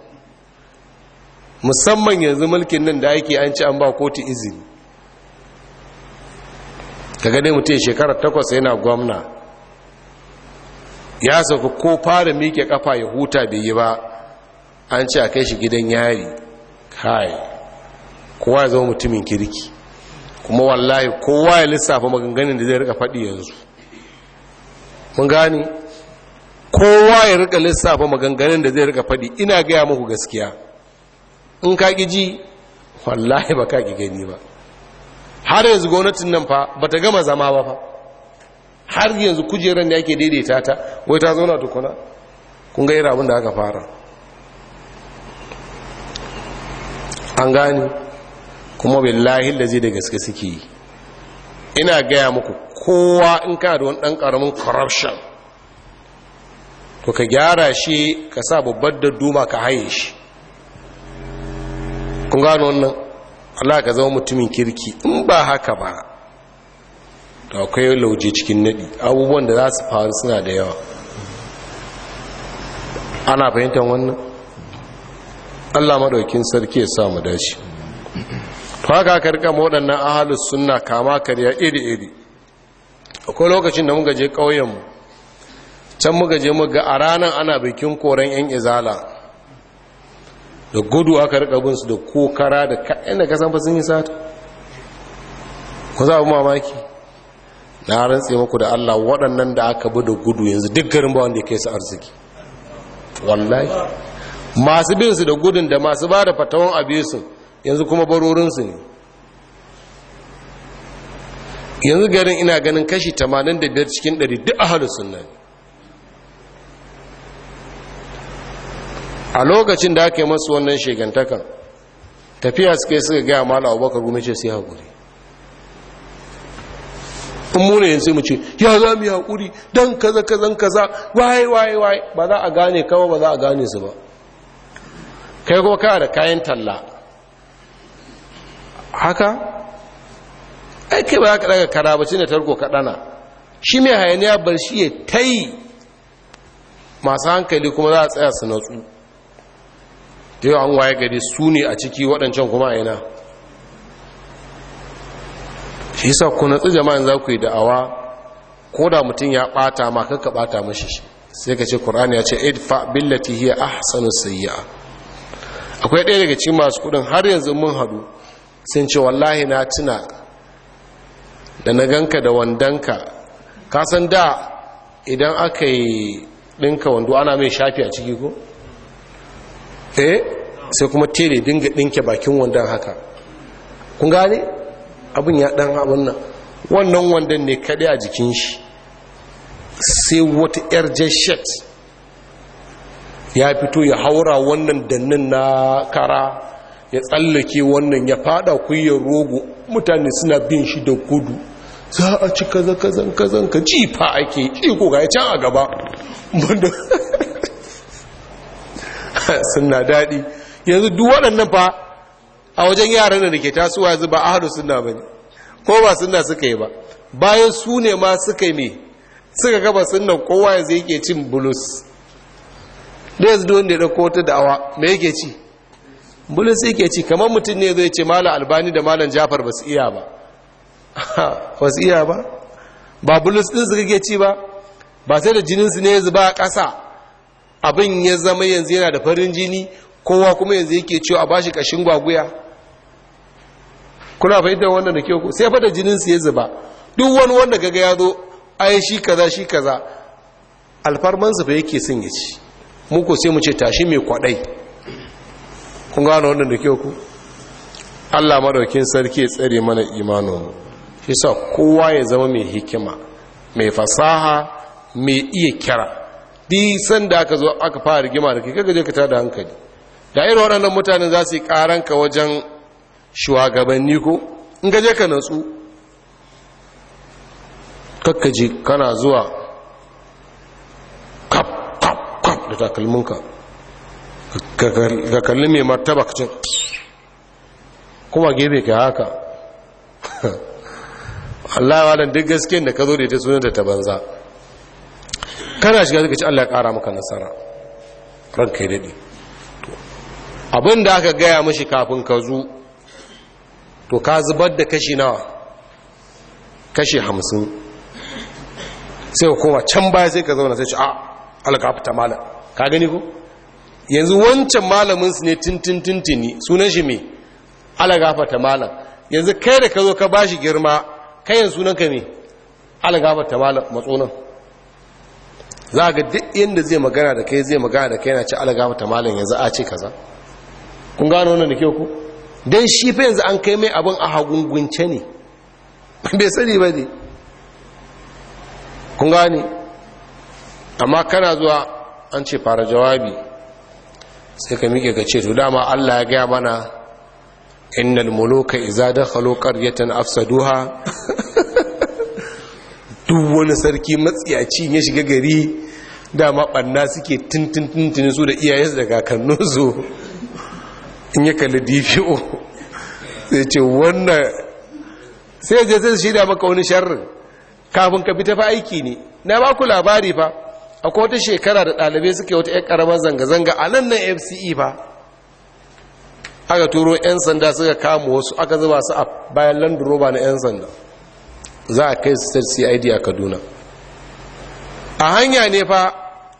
musamman yanzu mulkin nan da ake an ci an ba kotu izini ka gane mutum shekarar takwas yana gwamna ya sauka ko fara miƙe kafa ya huta bai yi ba an ce a kai shi gidan yari kai kowa ya zama mutumin kirki kuma wallahi kowa ya lissafa maganganin da zai rika faɗi yanzu mun gani kowa ya rika lissafa maganganin da zai rika faɗi ina gaya muku gaskiya in ka ƙi ji wallahi ba ka ƙi gani ba har yanzu gwamnatin nan fa ba ta gama zama ba fa har yanzu kujeran da yake daidaita ta wai ta zauna tukuna kun ga irin abin da aka fara an gani kuma billahi zai da gaske suke yi ina gaya muku kowa in ka da wani ɗan karamin corruption to ka gyara shi ka sa babbar da duma ka haye shi kun gano wannan Allah ka zama mutumin kirki in ba haka ba da akwai lauje cikin naɗi abubuwan da za su faru suna da yawa ana fahimtar wannan allah maɗaukin sarki ya sa mu dace to haka waɗannan ahalus suna kama karya iri-iri akwai lokacin da muka je ƙauyenmu can muka je muka a ranar ana bikin koren 'yan izala da gudu aka rika binsu da kokara da kaɗan da kasan fasin yi sata ku za a mamaki na rantse muku da Allah waɗannan da aka bi da gudu yanzu duk garin ba wanda ya kai su arziki wallahi masu bin su da gudun da masu ba da fatawan su yanzu kuma barorinsu ne yanzu garin ina ganin kashi 85 cikin 100 duk ahalu sunna ne a lokacin da aka yi masu wannan shegantakan tafiya suke suka gaya mala abubakar gumi ce sai haƙuri in mu ne sai mu ce ya za mu yi haƙuri don kaza kaza kaza waye waye waye ba za a gane kama ba za a gane su ba kai kuma kawo da kayan talla haka aiki ba ka daga kara ba shine tarko kaɗana shi mai hayaniya bar shi ya ta yi masu hankali kuma za a tsaya su natsu yau an waye gari su ne a ciki waɗancan kuma a yana shi yasa ku natsu jama'in za ku yi da'awa ko da mutum ya bata ma kakka bata mashi shi sai ka ce ƙorani ya ce idfa billati hiya ahsanu sayyi'a akwai ɗaya daga cikin masu kudin har yanzu mun hadu sun ce wallahi na tuna da na ganka da wandanka ka san da idan aka yi ɗinka wando ana mai shafi a ciki ko? eh sai kuma tere dinga ɗinke bakin wandan haka kun gane abin ya dan abin nan wannan wandan ne kaɗai a jikin shi sai wata yar jeshet ya fito ya haura wannan dannin na kara ya tsallake wannan ya fada kuyar rogo mutane suna bin shi da gudu za a ci kaza kazan kazan ka ji fa ake ji ko ga can a gaba suna daɗi yanzu duk waɗannan fa a wajen yaran da ke tasowa yanzu ba ahadu sunna ba ne ko ba sunna suka yi ba bayan su ne ma suka yi ne suka gaba sunna kowa yanzu yake cin bulus da yanzu wanda ya ɗauko ta da'awa me yake ci bulus yake ci kamar mutum ne zai ce malam albani da malam jafar ba su iya ba ba su iya ba ba bulus ɗin su kake ci ba ba sai da jininsu ne ya zuba a ƙasa abin ya zama yanzu yana da farin jini kowa kuma yanzu yake ciwo a bashi ƙashin gwaguya kuna fahimtar wannan da kyau sai fa jinin su ya zuba duk wani wanda kaga ya zo ai shi kaza shi kaza alfarman su fa yake son ya ci mu ko sai mu ce tashi mai kwadai kun gano wannan da kyau ku Allah madaukin sarki ya tsare mana imanin shi sa kowa ya zama mai hikima mai fasaha mai iya kira duk sanda aka zo aka fara rigima da kai kaga je ka tada hankali da irin waɗannan mutanen za su yi karanka wajen shugabanni ko in gaje ka natsu kakkaji kana zuwa kap kap kap da takalminka ga kalli mai martaba ka cin kuma gefe ka haka Allah wa duk gaskiyar da ka zo da ita sunan da ta banza kana shiga zuka ci Allah ya kara maka nasara ranka ya daɗe abin da aka gaya mashi kafin ka zo to ka zubar da kashi nawa kashi hamsin sai kowa can baya sai ka zauna sai ce a alkafta malam ka gani ku? yanzu wancan malamin su ne tintintintini sunan shi me alkafta malam yanzu kai da ka zo ka shi girma kayan sunan ka me alkafta malam matsonan za ga duk inda zai magana da kai zai magana da kai na ce alkafta malam yanzu a ce kaza kun gano wannan da kyau ku don shi fa yanzu an kai mai abin a hagungunce ne bai sani ba ne kun gane amma kana zuwa an ce fara jawabi sai ka miƙe ka ce to dama allah ya gaya mana innal muluka iza yatan qaryatan afsaduha duk wani sarki matsiyaci ya shiga gari dama ɓanna suke tintin su da iyayensu da kakanninsu in ya kalli dvo sai ce wannan sai je zai shirya maka wani sharrin kafin ka ta fa aiki ne na ba ku labari fa akwai wata shekara da ɗalibai suke wata 'yan ƙaramar zanga-zanga a nan nan e fce ba aka turo 'yan sanda suka kama wasu aka zuba su a bayan landuroba na 'yan sanda za a kai su cid a kaduna a hanya ne fa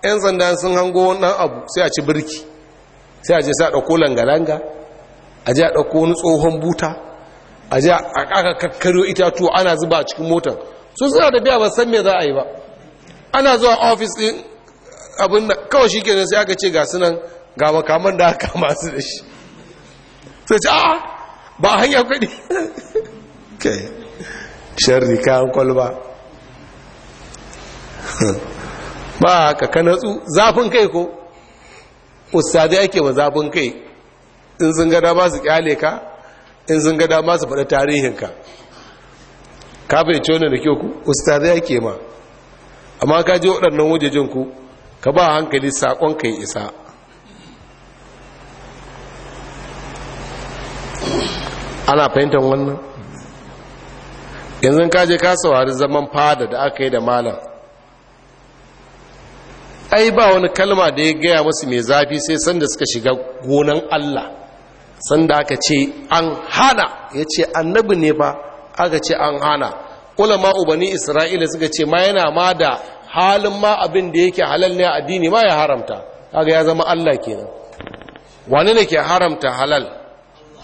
'yan sanda sun hango wannan abu sai a ci birki sai a je sa ɗauko langa-langa a je a ɗauko wani tsohon buta a je a ƙaƙa kakkaryo itatuwa ana zuba a cikin motar su suna da biya ba san me za a yi ba ana zuwa ofis ɗin abin da kawai shi kenan sai aka ce ga sunan ga makaman da aka masu da shi sai ce a ba hanyar kwaɗi ke sharri kayan kwalba ba ka kanatsu zafin kai ko ustadi ake mazabin kai in sun gada ba su kyale ka in sun gada ma su faɗa tarihinka ka fahimci cewa da kyau ku ustadi ake ma amma ka ji waɗannan wujejin ku ka ba hankali saƙon ka yi isa ana fahimtar wannan yanzu ka je ka saurari zaman fada da aka yi da malam ai ba wani kalma da ya gaya masu mai zafi sai sanda suka shiga gonan Allah sanda aka ce an hana ya ce annabi ne ba aka ce an hana ulama ubani isra'ila suka ce ma yana ma da halin ma abin da yake halal ne a addini ma ya haramta kaga ya zama Allah kenan wani ne ke haramta halal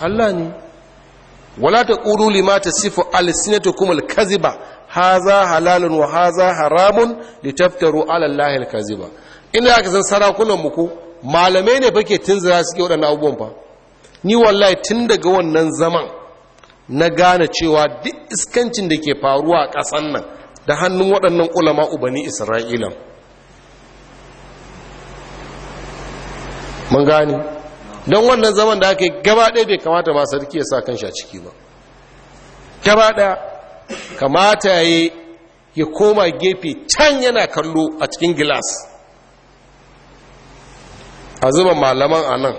Allah ne wala ta taqulu lima tasifu alsinatukum Kaziba. haza halalun wa haza haramun litaftaru ala Allahi alkaziba inda aka san sarakunan muku malamai ne fake tunzura suke waɗannan abubuwan fa ni wallahi tun daga wannan zaman na gane cewa duk iskancin da ke faruwa a ƙasan nan da hannun waɗannan ulama ubani isra'ila mun gane don wannan zaman da aka yi gaba ɗaya bai kamata ba sarki ya sa shi a ciki ba gaba ɗaya kamata ya yi ya koma gefe can yana kallo a cikin gilas a zuba malaman a nan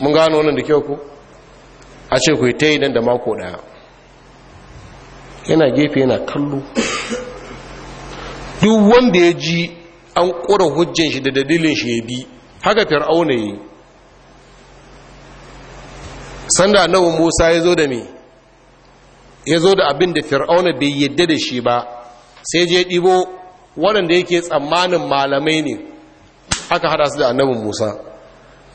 mun gano wannan da kyau ku a ce ku yi ta yi nan da mako daya yana gefe yana kallo duk wanda ya ji an kura hujjen shi da dalilin shi ya bi haka fir'auna yi sanda nawa musa ya zo da me ya zo da abin da fir'auna bai yadda da shi ba sai je ɗibo waɗanda yake tsammanin malamai ne aka hada su da annabin musa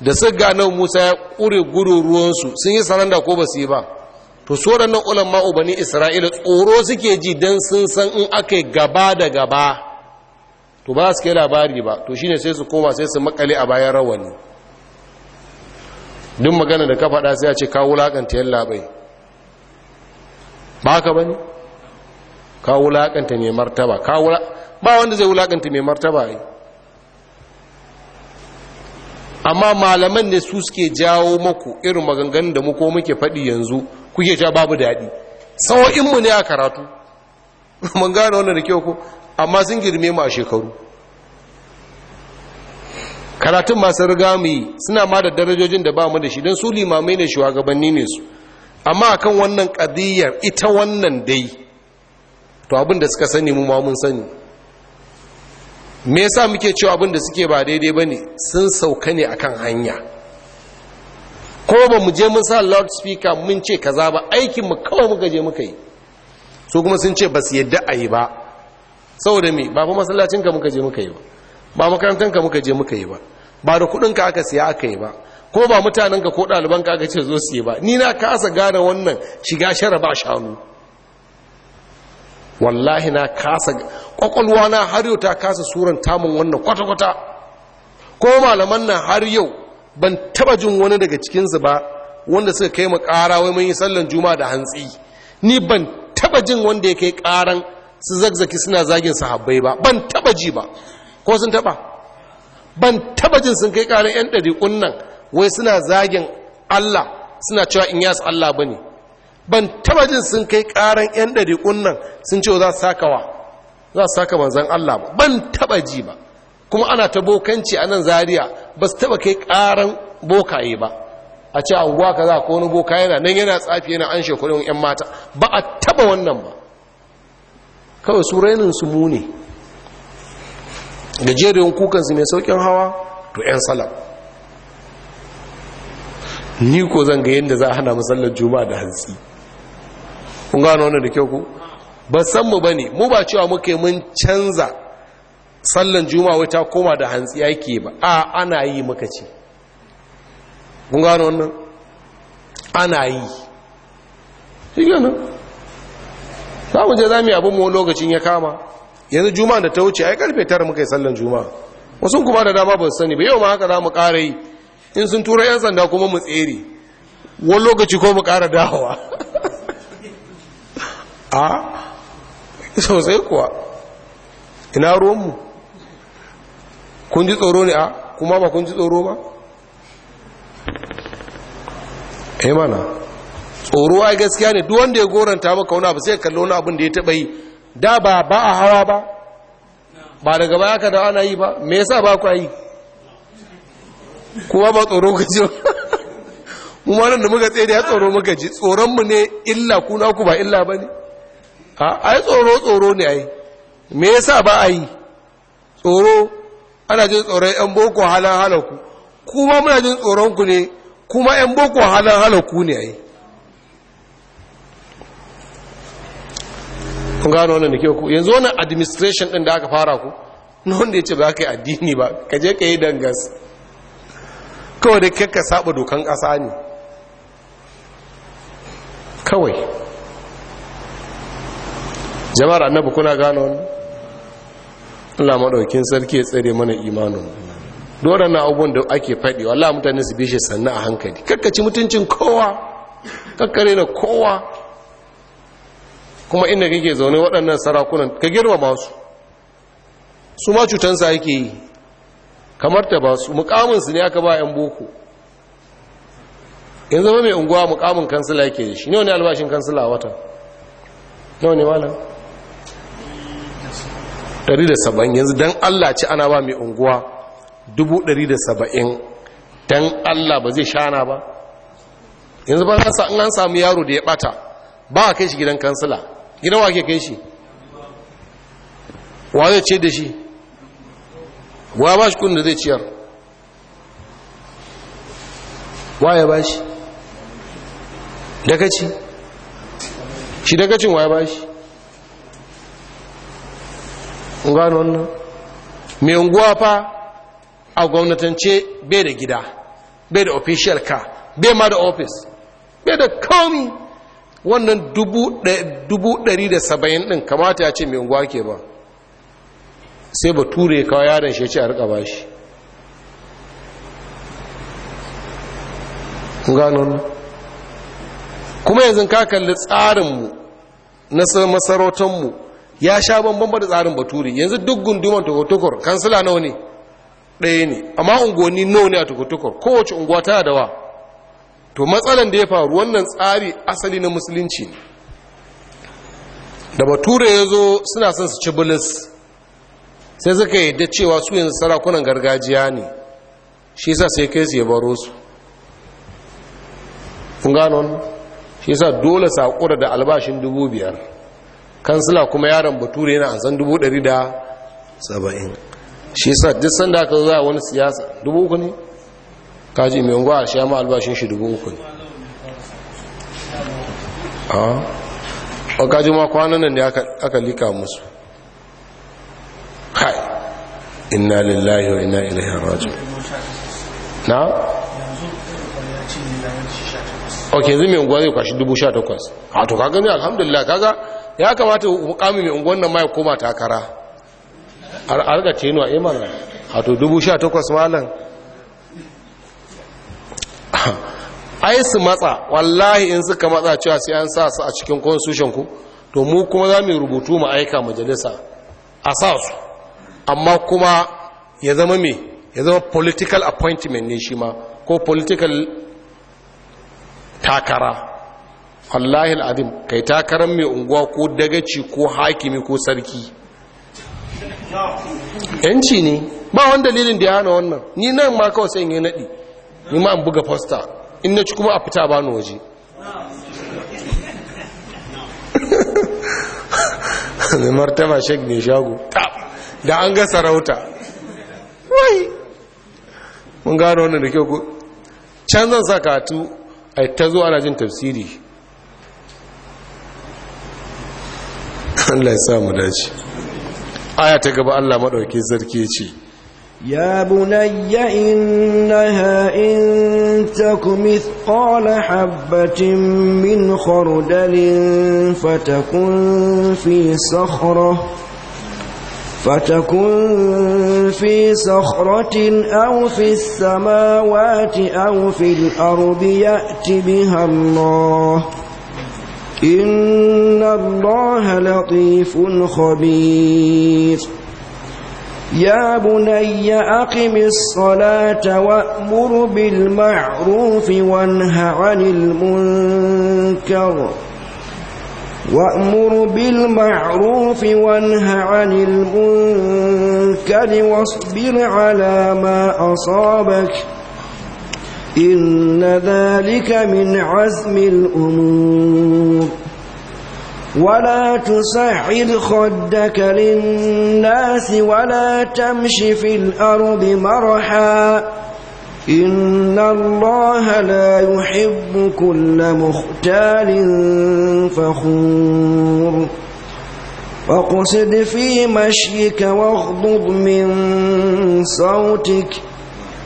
da su ganin musa ya ƙure gudun ruwansu sun yi saranda ko ba su yi ba to su waɗannan ulama bani isra'ila tsoro suke ji don sun san in aka gaba da gaba to ba su kai labari ba to shine sai su koma sai su makale a bayan rawani duk magana da ka faɗa sai ya ce ka wulaƙanta yan labai ba haka ba ne ka wulaƙanta mai martaba ka wula ba wanda zai wulaƙanta mai martaba yi amma malaman ne su suke jawo maku irin maganganun da muku muke faɗi yanzu kuke ja babu daɗi sawa'inmu ne a karatu mun gane wannan da kyau ku, amma sun girme mu a shekaru karatun masu riga yi suna ma da darajojin da ba mu da shi don su limamai ne shugabanni ne su amma kan wannan ƙadiyyar ita wannan dai to abin da suka sani mu ma mun sani me yasa muke cewa abin da suke ba daidai ba ne sun sauka ne akan hanya ko ba mu je mun sa speaker mun ce kaza ba aikin mu kawai muka je muka yi su kuma sun ce ba su yadda a yi ba saboda me ba masallacin ka muka je muka yi ba ba makarantar ka muka je muka yi ba ba da kudin ka aka siya aka yi ba ko ba mutanen ka ko ɗaliban ka ga ce zo su yi ba ni na kasa gane wannan shiga shara ba shanu wallahi na kasa kwakwalwa na har yau ta kasa suran tamun wannan kwata-kwata ko malaman nan har yau ban taba jin wani daga cikinsu ba wanda suka kai mu ƙara wai mun yi sallan juma da hantsi ni ban taba jin wanda ya kai ƙaran su zagzaki suna zagin sahabbai ba ban taba ji ba ko sun taba ban taba jin sun kai ƙaran yan ɗari nan wai suna zagin Allah suna cewa in yasu Allah bane ban tabajin sun kai karan yan dariƙun nan sun ce za su saka wa za su saka manzan Allah ba ban tabaji ji ba kuma ana ta bokanci a nan Zariya ba su taba kai karan bokaye ba a ce anguwa za ko wani boka yana nan yana tsafi yana an shekulun yan mata ba a taba wannan ba kawai su rainin su mu ne gajeriyar kukansu mai saukin hawa to 'yan salam ni ko zan ga yadda za a hana musallar juma'a da hantsi kun gano wannan da kyau ku ba san mu bane mu ba cewa muke mun canza sallan juma'a wata koma da hantsi yake ba a ana yi muka ce kun gano wannan ana yi shi gano za mu je za mu yi abin mu lokacin ya kama yanzu juma'a da ta wuce ai karfe tara muka yi sallan juma'a wasu kuma da dama ba su sani ba yau ma haka za mu ƙara yi in sun tura 'yan sanda kuma mu tsere wani lokaci ko mu ƙara dawowa a sosai kuwa ina ruwanmu kun ji tsoro ne a kuma ba kun ji tsoro ba ai eh mana tsoro a gaskiya ne duk wanda ya goranta maka wani abu sai kalli wani abin da ya taɓa yi da ba ba a hawa ba ba daga baya ka da ana yi ba me yasa ba ku yi kuma ba tsoro ka ji mu ma nan da muka tsaye da ya tsoro muka ji tsoron mu ne illa ku na ku ba illa ba ne a ai tsoro tsoro ne ai me yasa ba ai tsoro ana jin tsoron yan boko halan halaku kuma muna jin tsoron ku ne kuma yan boko halan halaku ne ai kun gano wannan da ke ku yanzu wannan administration din da aka fara ku na wanda ya ce ba ka yi addini ba ka je ka yi dangas kawai da kyakka saba dokan ƙasa ne kawai jama'ar annabi kuna gano wani Allah maɗaukin sarki ya tsere mana imanin dole na abubuwan da ake faɗi wallah mutane su bishe sannu a hankali kakkaci mutuncin kowa kakkare da kowa kuma inda kake zaune waɗannan sarakunan ka girma masu su ma cutansa yake yi kamar ta ba su su ne aka ba 'yan boko in zama mai unguwa mukamin kansila yake da shi ne albashin kansila a wata nawa ne wala 170 yanzu don allah ci ana ba mai unguwa 170 don allah ba zai shana ba yanzu ba za an samu yaro da ya bata ba a kai shi gidan kansila gidan wa ke kai shi wa zai ce da shi wa ba shi kunda da zai ciyar wa ya ba shi dagaci shi dagacin wa ya ba shi gano wannan mai unguwa fa a gwamnatance bai da gida bai da official ka bai ma da office bai da komi wannan dubu dari da saba'in ɗin kamata ya ce mai unguwa ke ba sai ba ture kawo yaron shi ya ce a rika ba shi kuma yanzu ka kalli tsarinmu na masarautanmu ya sha bambam da tsarin bature yanzu duk gunduman tukur kansila nawa ne ɗaya ne amma unguwanni nawa ne a tukutukur kowace unguwa tana dawa to matsalan da ya faru wannan tsari asali na musulunci da bature ya zo suna son su ci bilis sai suka yadda cewa su yanzu sarakunan gargajiya ne shi sa sai kai su ya baro su kun gano shi sa dole saƙura da albashin dubu biyar kansila kuma yaron bature yana a san dubu ɗari da saba'in shi sa duk sanda aka za wani siyasa dubu uku ne kaji mai unguwa a shi ma albashin shi dubu uku ne a ah. kaji ma kwanan nan ne aka lika musu kai inna lillahi wa inna ilaihi raji'un na ok yanzu mai unguwa zai kwashi takwas a to kaga ne alhamdulillah kaga ya kamata mukami mai unguwan nan mai koma takara a riga teno a imana eh a to 18,000 malam ai su matsa wallahi in suka matsa cewa sai an sa su a cikin constitution ku to mu kuma za mu rubutu mu aika majalisa a sa su amma kuma ya zama me ya zama political appointment ne shi ma ko political takara wallahi al'adim kai takarar mai unguwa ko dagaci ko hakimi ko sarki yanci ne ba wani dalilin da ya hana wannan ni nan ma kawai sai yi naɗi ni ma an buga fosta in na ci kuma a fita ba waje ne martaba shek ne shago da an ga sarauta wai mun gano wannan da kyau ku can zan sa katu a ta zo ana jin tafsiri Allah ya sa mu dace aya ta gaba Allah madauki sarki ce ya bunayya innaha in تك qala حبة min خردل fatakun fi صخرة فتكن في صخرة أو في السماوات أو في الأرض يأت بها الله إن الله لطيف خبير يا بني أقم الصلاة وأمر بالمعروف وانه عن المنكر وأمر بالمعروف وانه عن المنكر واصبر على ما أصابك إن ذلك من عزم الأمور ولا تسعد خدك للناس ولا تمش في الأرض مرحاً إن الله لا يحب كل مختال فخور وقصد في مشيك واغضض من صوتك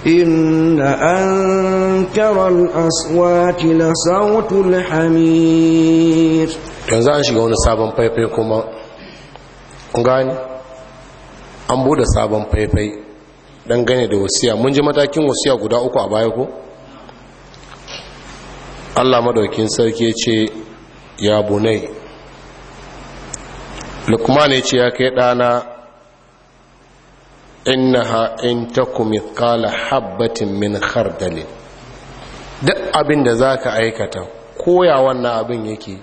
إن أنكر الأصوات لصوت الحمير كان زعن شيء هنا سابن باي باي كما gani an bude sabon faifai dangane da wasiya mun ji matakin wasiya guda uku a baya ko Allah madaukin sarki ya ce ya bunai lukman ya ce ya kai dana innaha in takum qala habatin min khardalin duk abin da zaka aikata koya wannan abin yake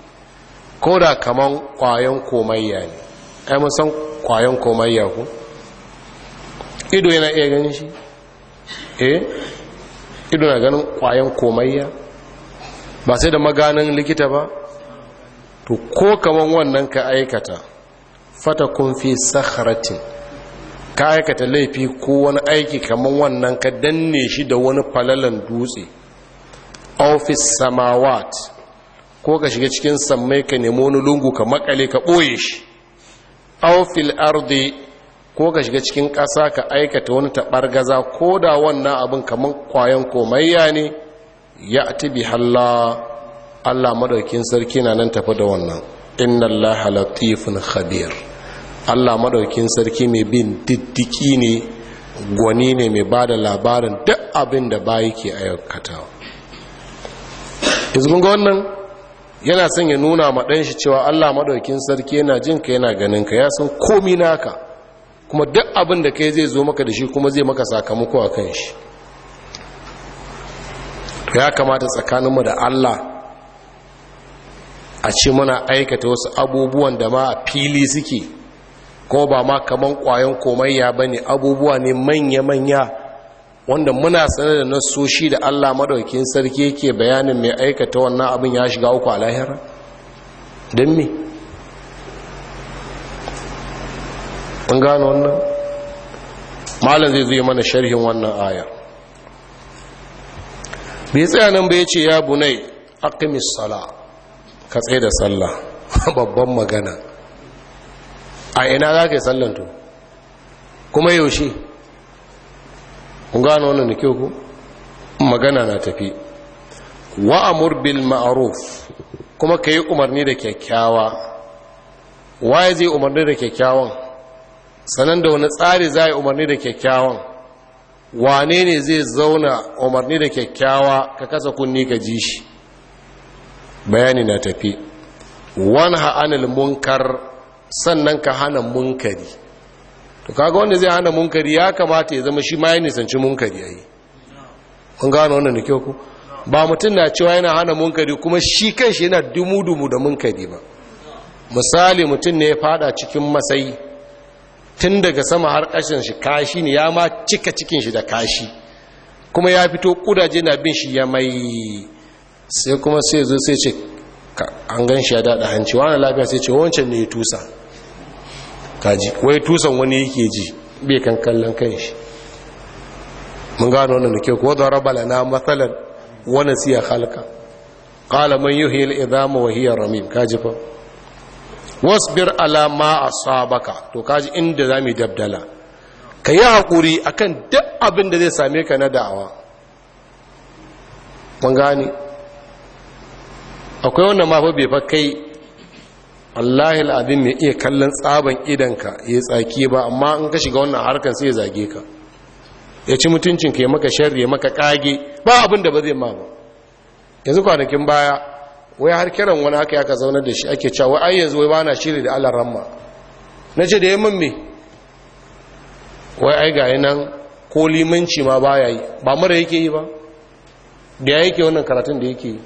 da kaman kwayon komayya ne ai mun san kwayon komayya ko ido yana iya ganin shi eh ido na ganin kwayan komayya ba sai da maganin likita ba to ko kaman wannan ka aikata fatakun fi sakharatin ka aikata laifi ko wani aiki kaman wannan ka danne shi da wani falalan dutse office samawat ko ka shiga cikin sammai ka nemo wani lungu ka makale ka ɓoye shi aufil ardi ko ka shiga cikin ƙasa ka aikata wani taɓar gaza ko da wannan abin kamar kwayan komayya ne ya ati bi halla allah maɗaukin sarki na nan tafi da wannan inna laha latifin khabir allah maɗaukin sarki mai bin diddiki ne gwani ne mai ba da labarin duk abin da bayi ke aikatawa yana son ya nuna ma ɗanshi cewa allah maɗaukin sarki yana jinka yana ganinka ya san komi naka kuma duk abin da kai zai zo maka da shi kuma zai maka sakamako a kan shi ya kamata tsakaninmu da Allah a ce muna aikata wasu abubuwan da ma a fili suke ko ba ma kamar kwayon komayya ba ne abubuwa ne manya-manya wanda muna sanar da nasoshi da Allah madaukin sarki yake bayanin mai aikata wannan abin ya shiga uku a lahira don me mun gano wannan malam zai zai mana sharhin wannan aya bai tsaya nan bai ce ya bunai aqimis sala ka tsaye da sallah babban magana a ina za ka yi sallanto kuma yaushe kun gano wannan da kyau ku magana na tafi wa'amur bil ma'aruf kuma ka yi umarni da kyakkyawa waye zai umarni da kyakkyawan sanan da wani tsari za a yi umarni da kyakkyawan wane ne zai zauna umarni da kyakkyawa ka kasa kunni ka ji shi bayani na tafi wani ha'anil munkar sannan ka hana munkari to kaga wanda zai hana munkari ya kamata ya zama shi ma ya nisanci munkari yi. kun gano wannan da kyau ku ba mutum na cewa yana hana munkari kuma shi shi yana dumu-dumu da munkari ba misali mutum ne ya fada cikin masai tun daga sama har ƙashin shi kashi ne ya ma cika cikin shi da kashi kuma ya fito kudaje na bin shi ya mai sai kuma sai zo sai ce an gan shi ya daɗa hanci wani lafiya sai ce wancan ne ya tusa kaji wai tusan wani yake ji bai kan kallon kan shi mun gano wannan da ke kuwa da rabala na matsalar wani siya halka ƙalaman man yuhi al'idama wahiyar ramim kaji fa wasbir ala ma asabaka to kaji inda zamu dabdala ka yi hakuri akan duk abin da zai same ka na da'awa mun gane akwai wannan ma fa bai kai wallahi al'adun mai iya kallon tsaban idanka ya tsaki ba amma in ka shiga wannan harkar sai ya zage ka ya ci mutuncin ka ya maka sharri ya maka kage ba abin da ba zai ma ba yanzu kwanakin baya wai har kiran wani haka ka zaunar da shi ake cewa ai yanzu wai bana shiri da Allah ramma ce da yamin me wai ai ga nan ko limanci ma baya yi ba mara yake yi ba da ya yake wannan karatun da yake yi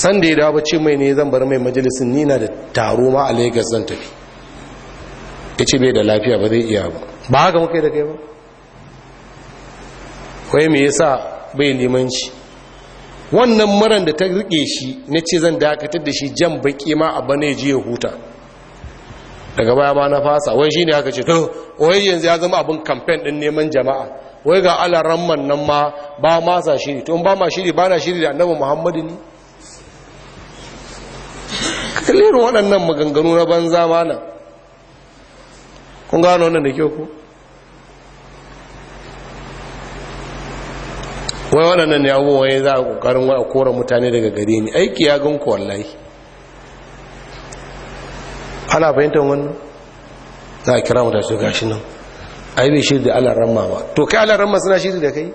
san da ya dawo ce mai ne zan bar mai majalisin ni na da taro ma a Lagos zan tafi yace bai da lafiya ba zai iya ba ba haka muka yi da kai ba wai me yasa bai limanci wannan maran da ta rike shi na ce zan dakatar da shi jan baki ma a bane ji ya huta daga baya ma na fasa wai ne haka ce to wai yanzu ya zama abin kamfen ɗin neman jama'a wai ga alaran nan ma ba ma sa shiri to ba ma shiri ba na shiri da annabi muhammadu ne kalirin waɗannan maganganu na banza mana kun gano wannan da kyau ku wai waɗannan ne abubuwan waye za a ƙoƙarin wa a kora mutane daga gare ni aiki ya gan ku wallahi ana fahimtar wannan za a kira mu da su gashi nan ai bai shirya da alar ramma ba to kai alar ramma suna shiri da kai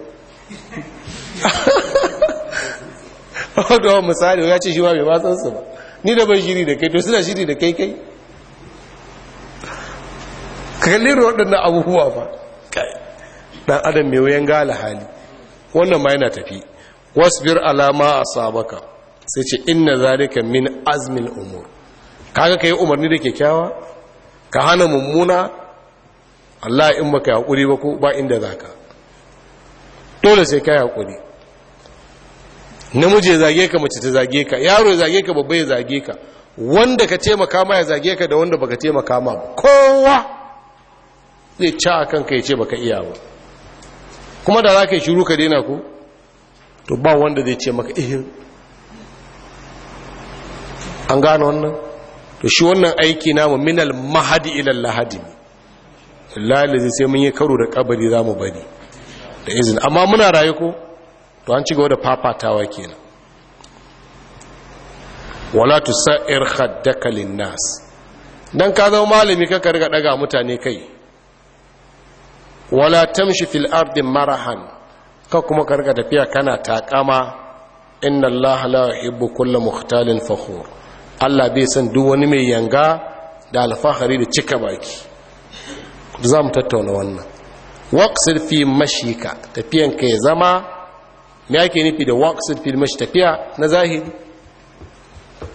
wadda misali ya ce shi ma bai ma su ba ni da bai shiri da kai to suna shiri da kai kai ka kalli waɗannan abubuwa ba kai dan adam mai wuyan gala hali wannan ma yana tafi wasbir alama a asabaka sai ce inna zalika min azmin umur kaga kai umarni da kyakkyawa ka hana mummuna Allah in maka hakuri ba ko ba inda zaka dole sai kai hakuri namiji ya zage ka mace ta zage ka yaro ya zage ka babba ya zage ka wanda ka taimaka ma ya zage ka da wanda baka taimaka ma kowa zai ci a kanka ya ce baka iya ba kuma da za ka yi shiru ka daina ku to ba wanda zai ce maka ihin eh. an gano wannan to shi wannan aiki namu minal mahadi ilal lahadi lalazi sai mun yi karo da kabari za mu bari da izini amma muna rayu ko to an ci gaba da fafatawa kenan wala tusair khaddaka linnas dan ka zama malami ka riga daga mutane kai wala tamshi fil ardi marahan ka kuma karga tafiya kana takama inna allaha la yuhibbu kulla mukhtalin fakhur Allah bai san duk wani mai yanga da alfahari da cika baki za mu tattauna wannan waqsid fi mashika tafiyan ka ya zama me yake nufi da waqsid fi mashi tafiya na zahiri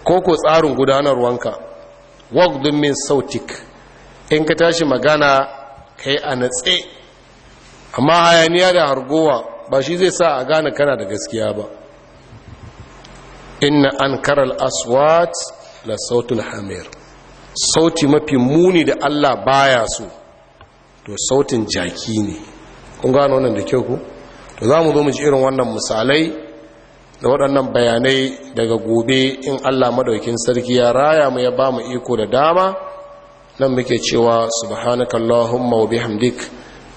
ko ko tsarin gudanarwanka waqdun min sautik in ka tashi magana kai a natse amma hayaniya da hargowa ba shi zai sa a gane kana da gaskiya ba inna an karal aswat la sautul hamir sauti mafi muni da allah baya su. to sautin jaki ne kun gano wannan da kyau ku to za mu zo mu ji irin wannan misalai da waɗannan bayanai daga gobe in allah madaukin sarki ya raya mu ya ba mu iko da dama nan muke cewa subhanakallahumma wa bihamdik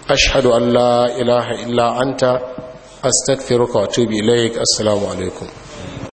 ashadu an la ilaha illa anta astaghfiruka wa atubu ilaik assalamu alaikum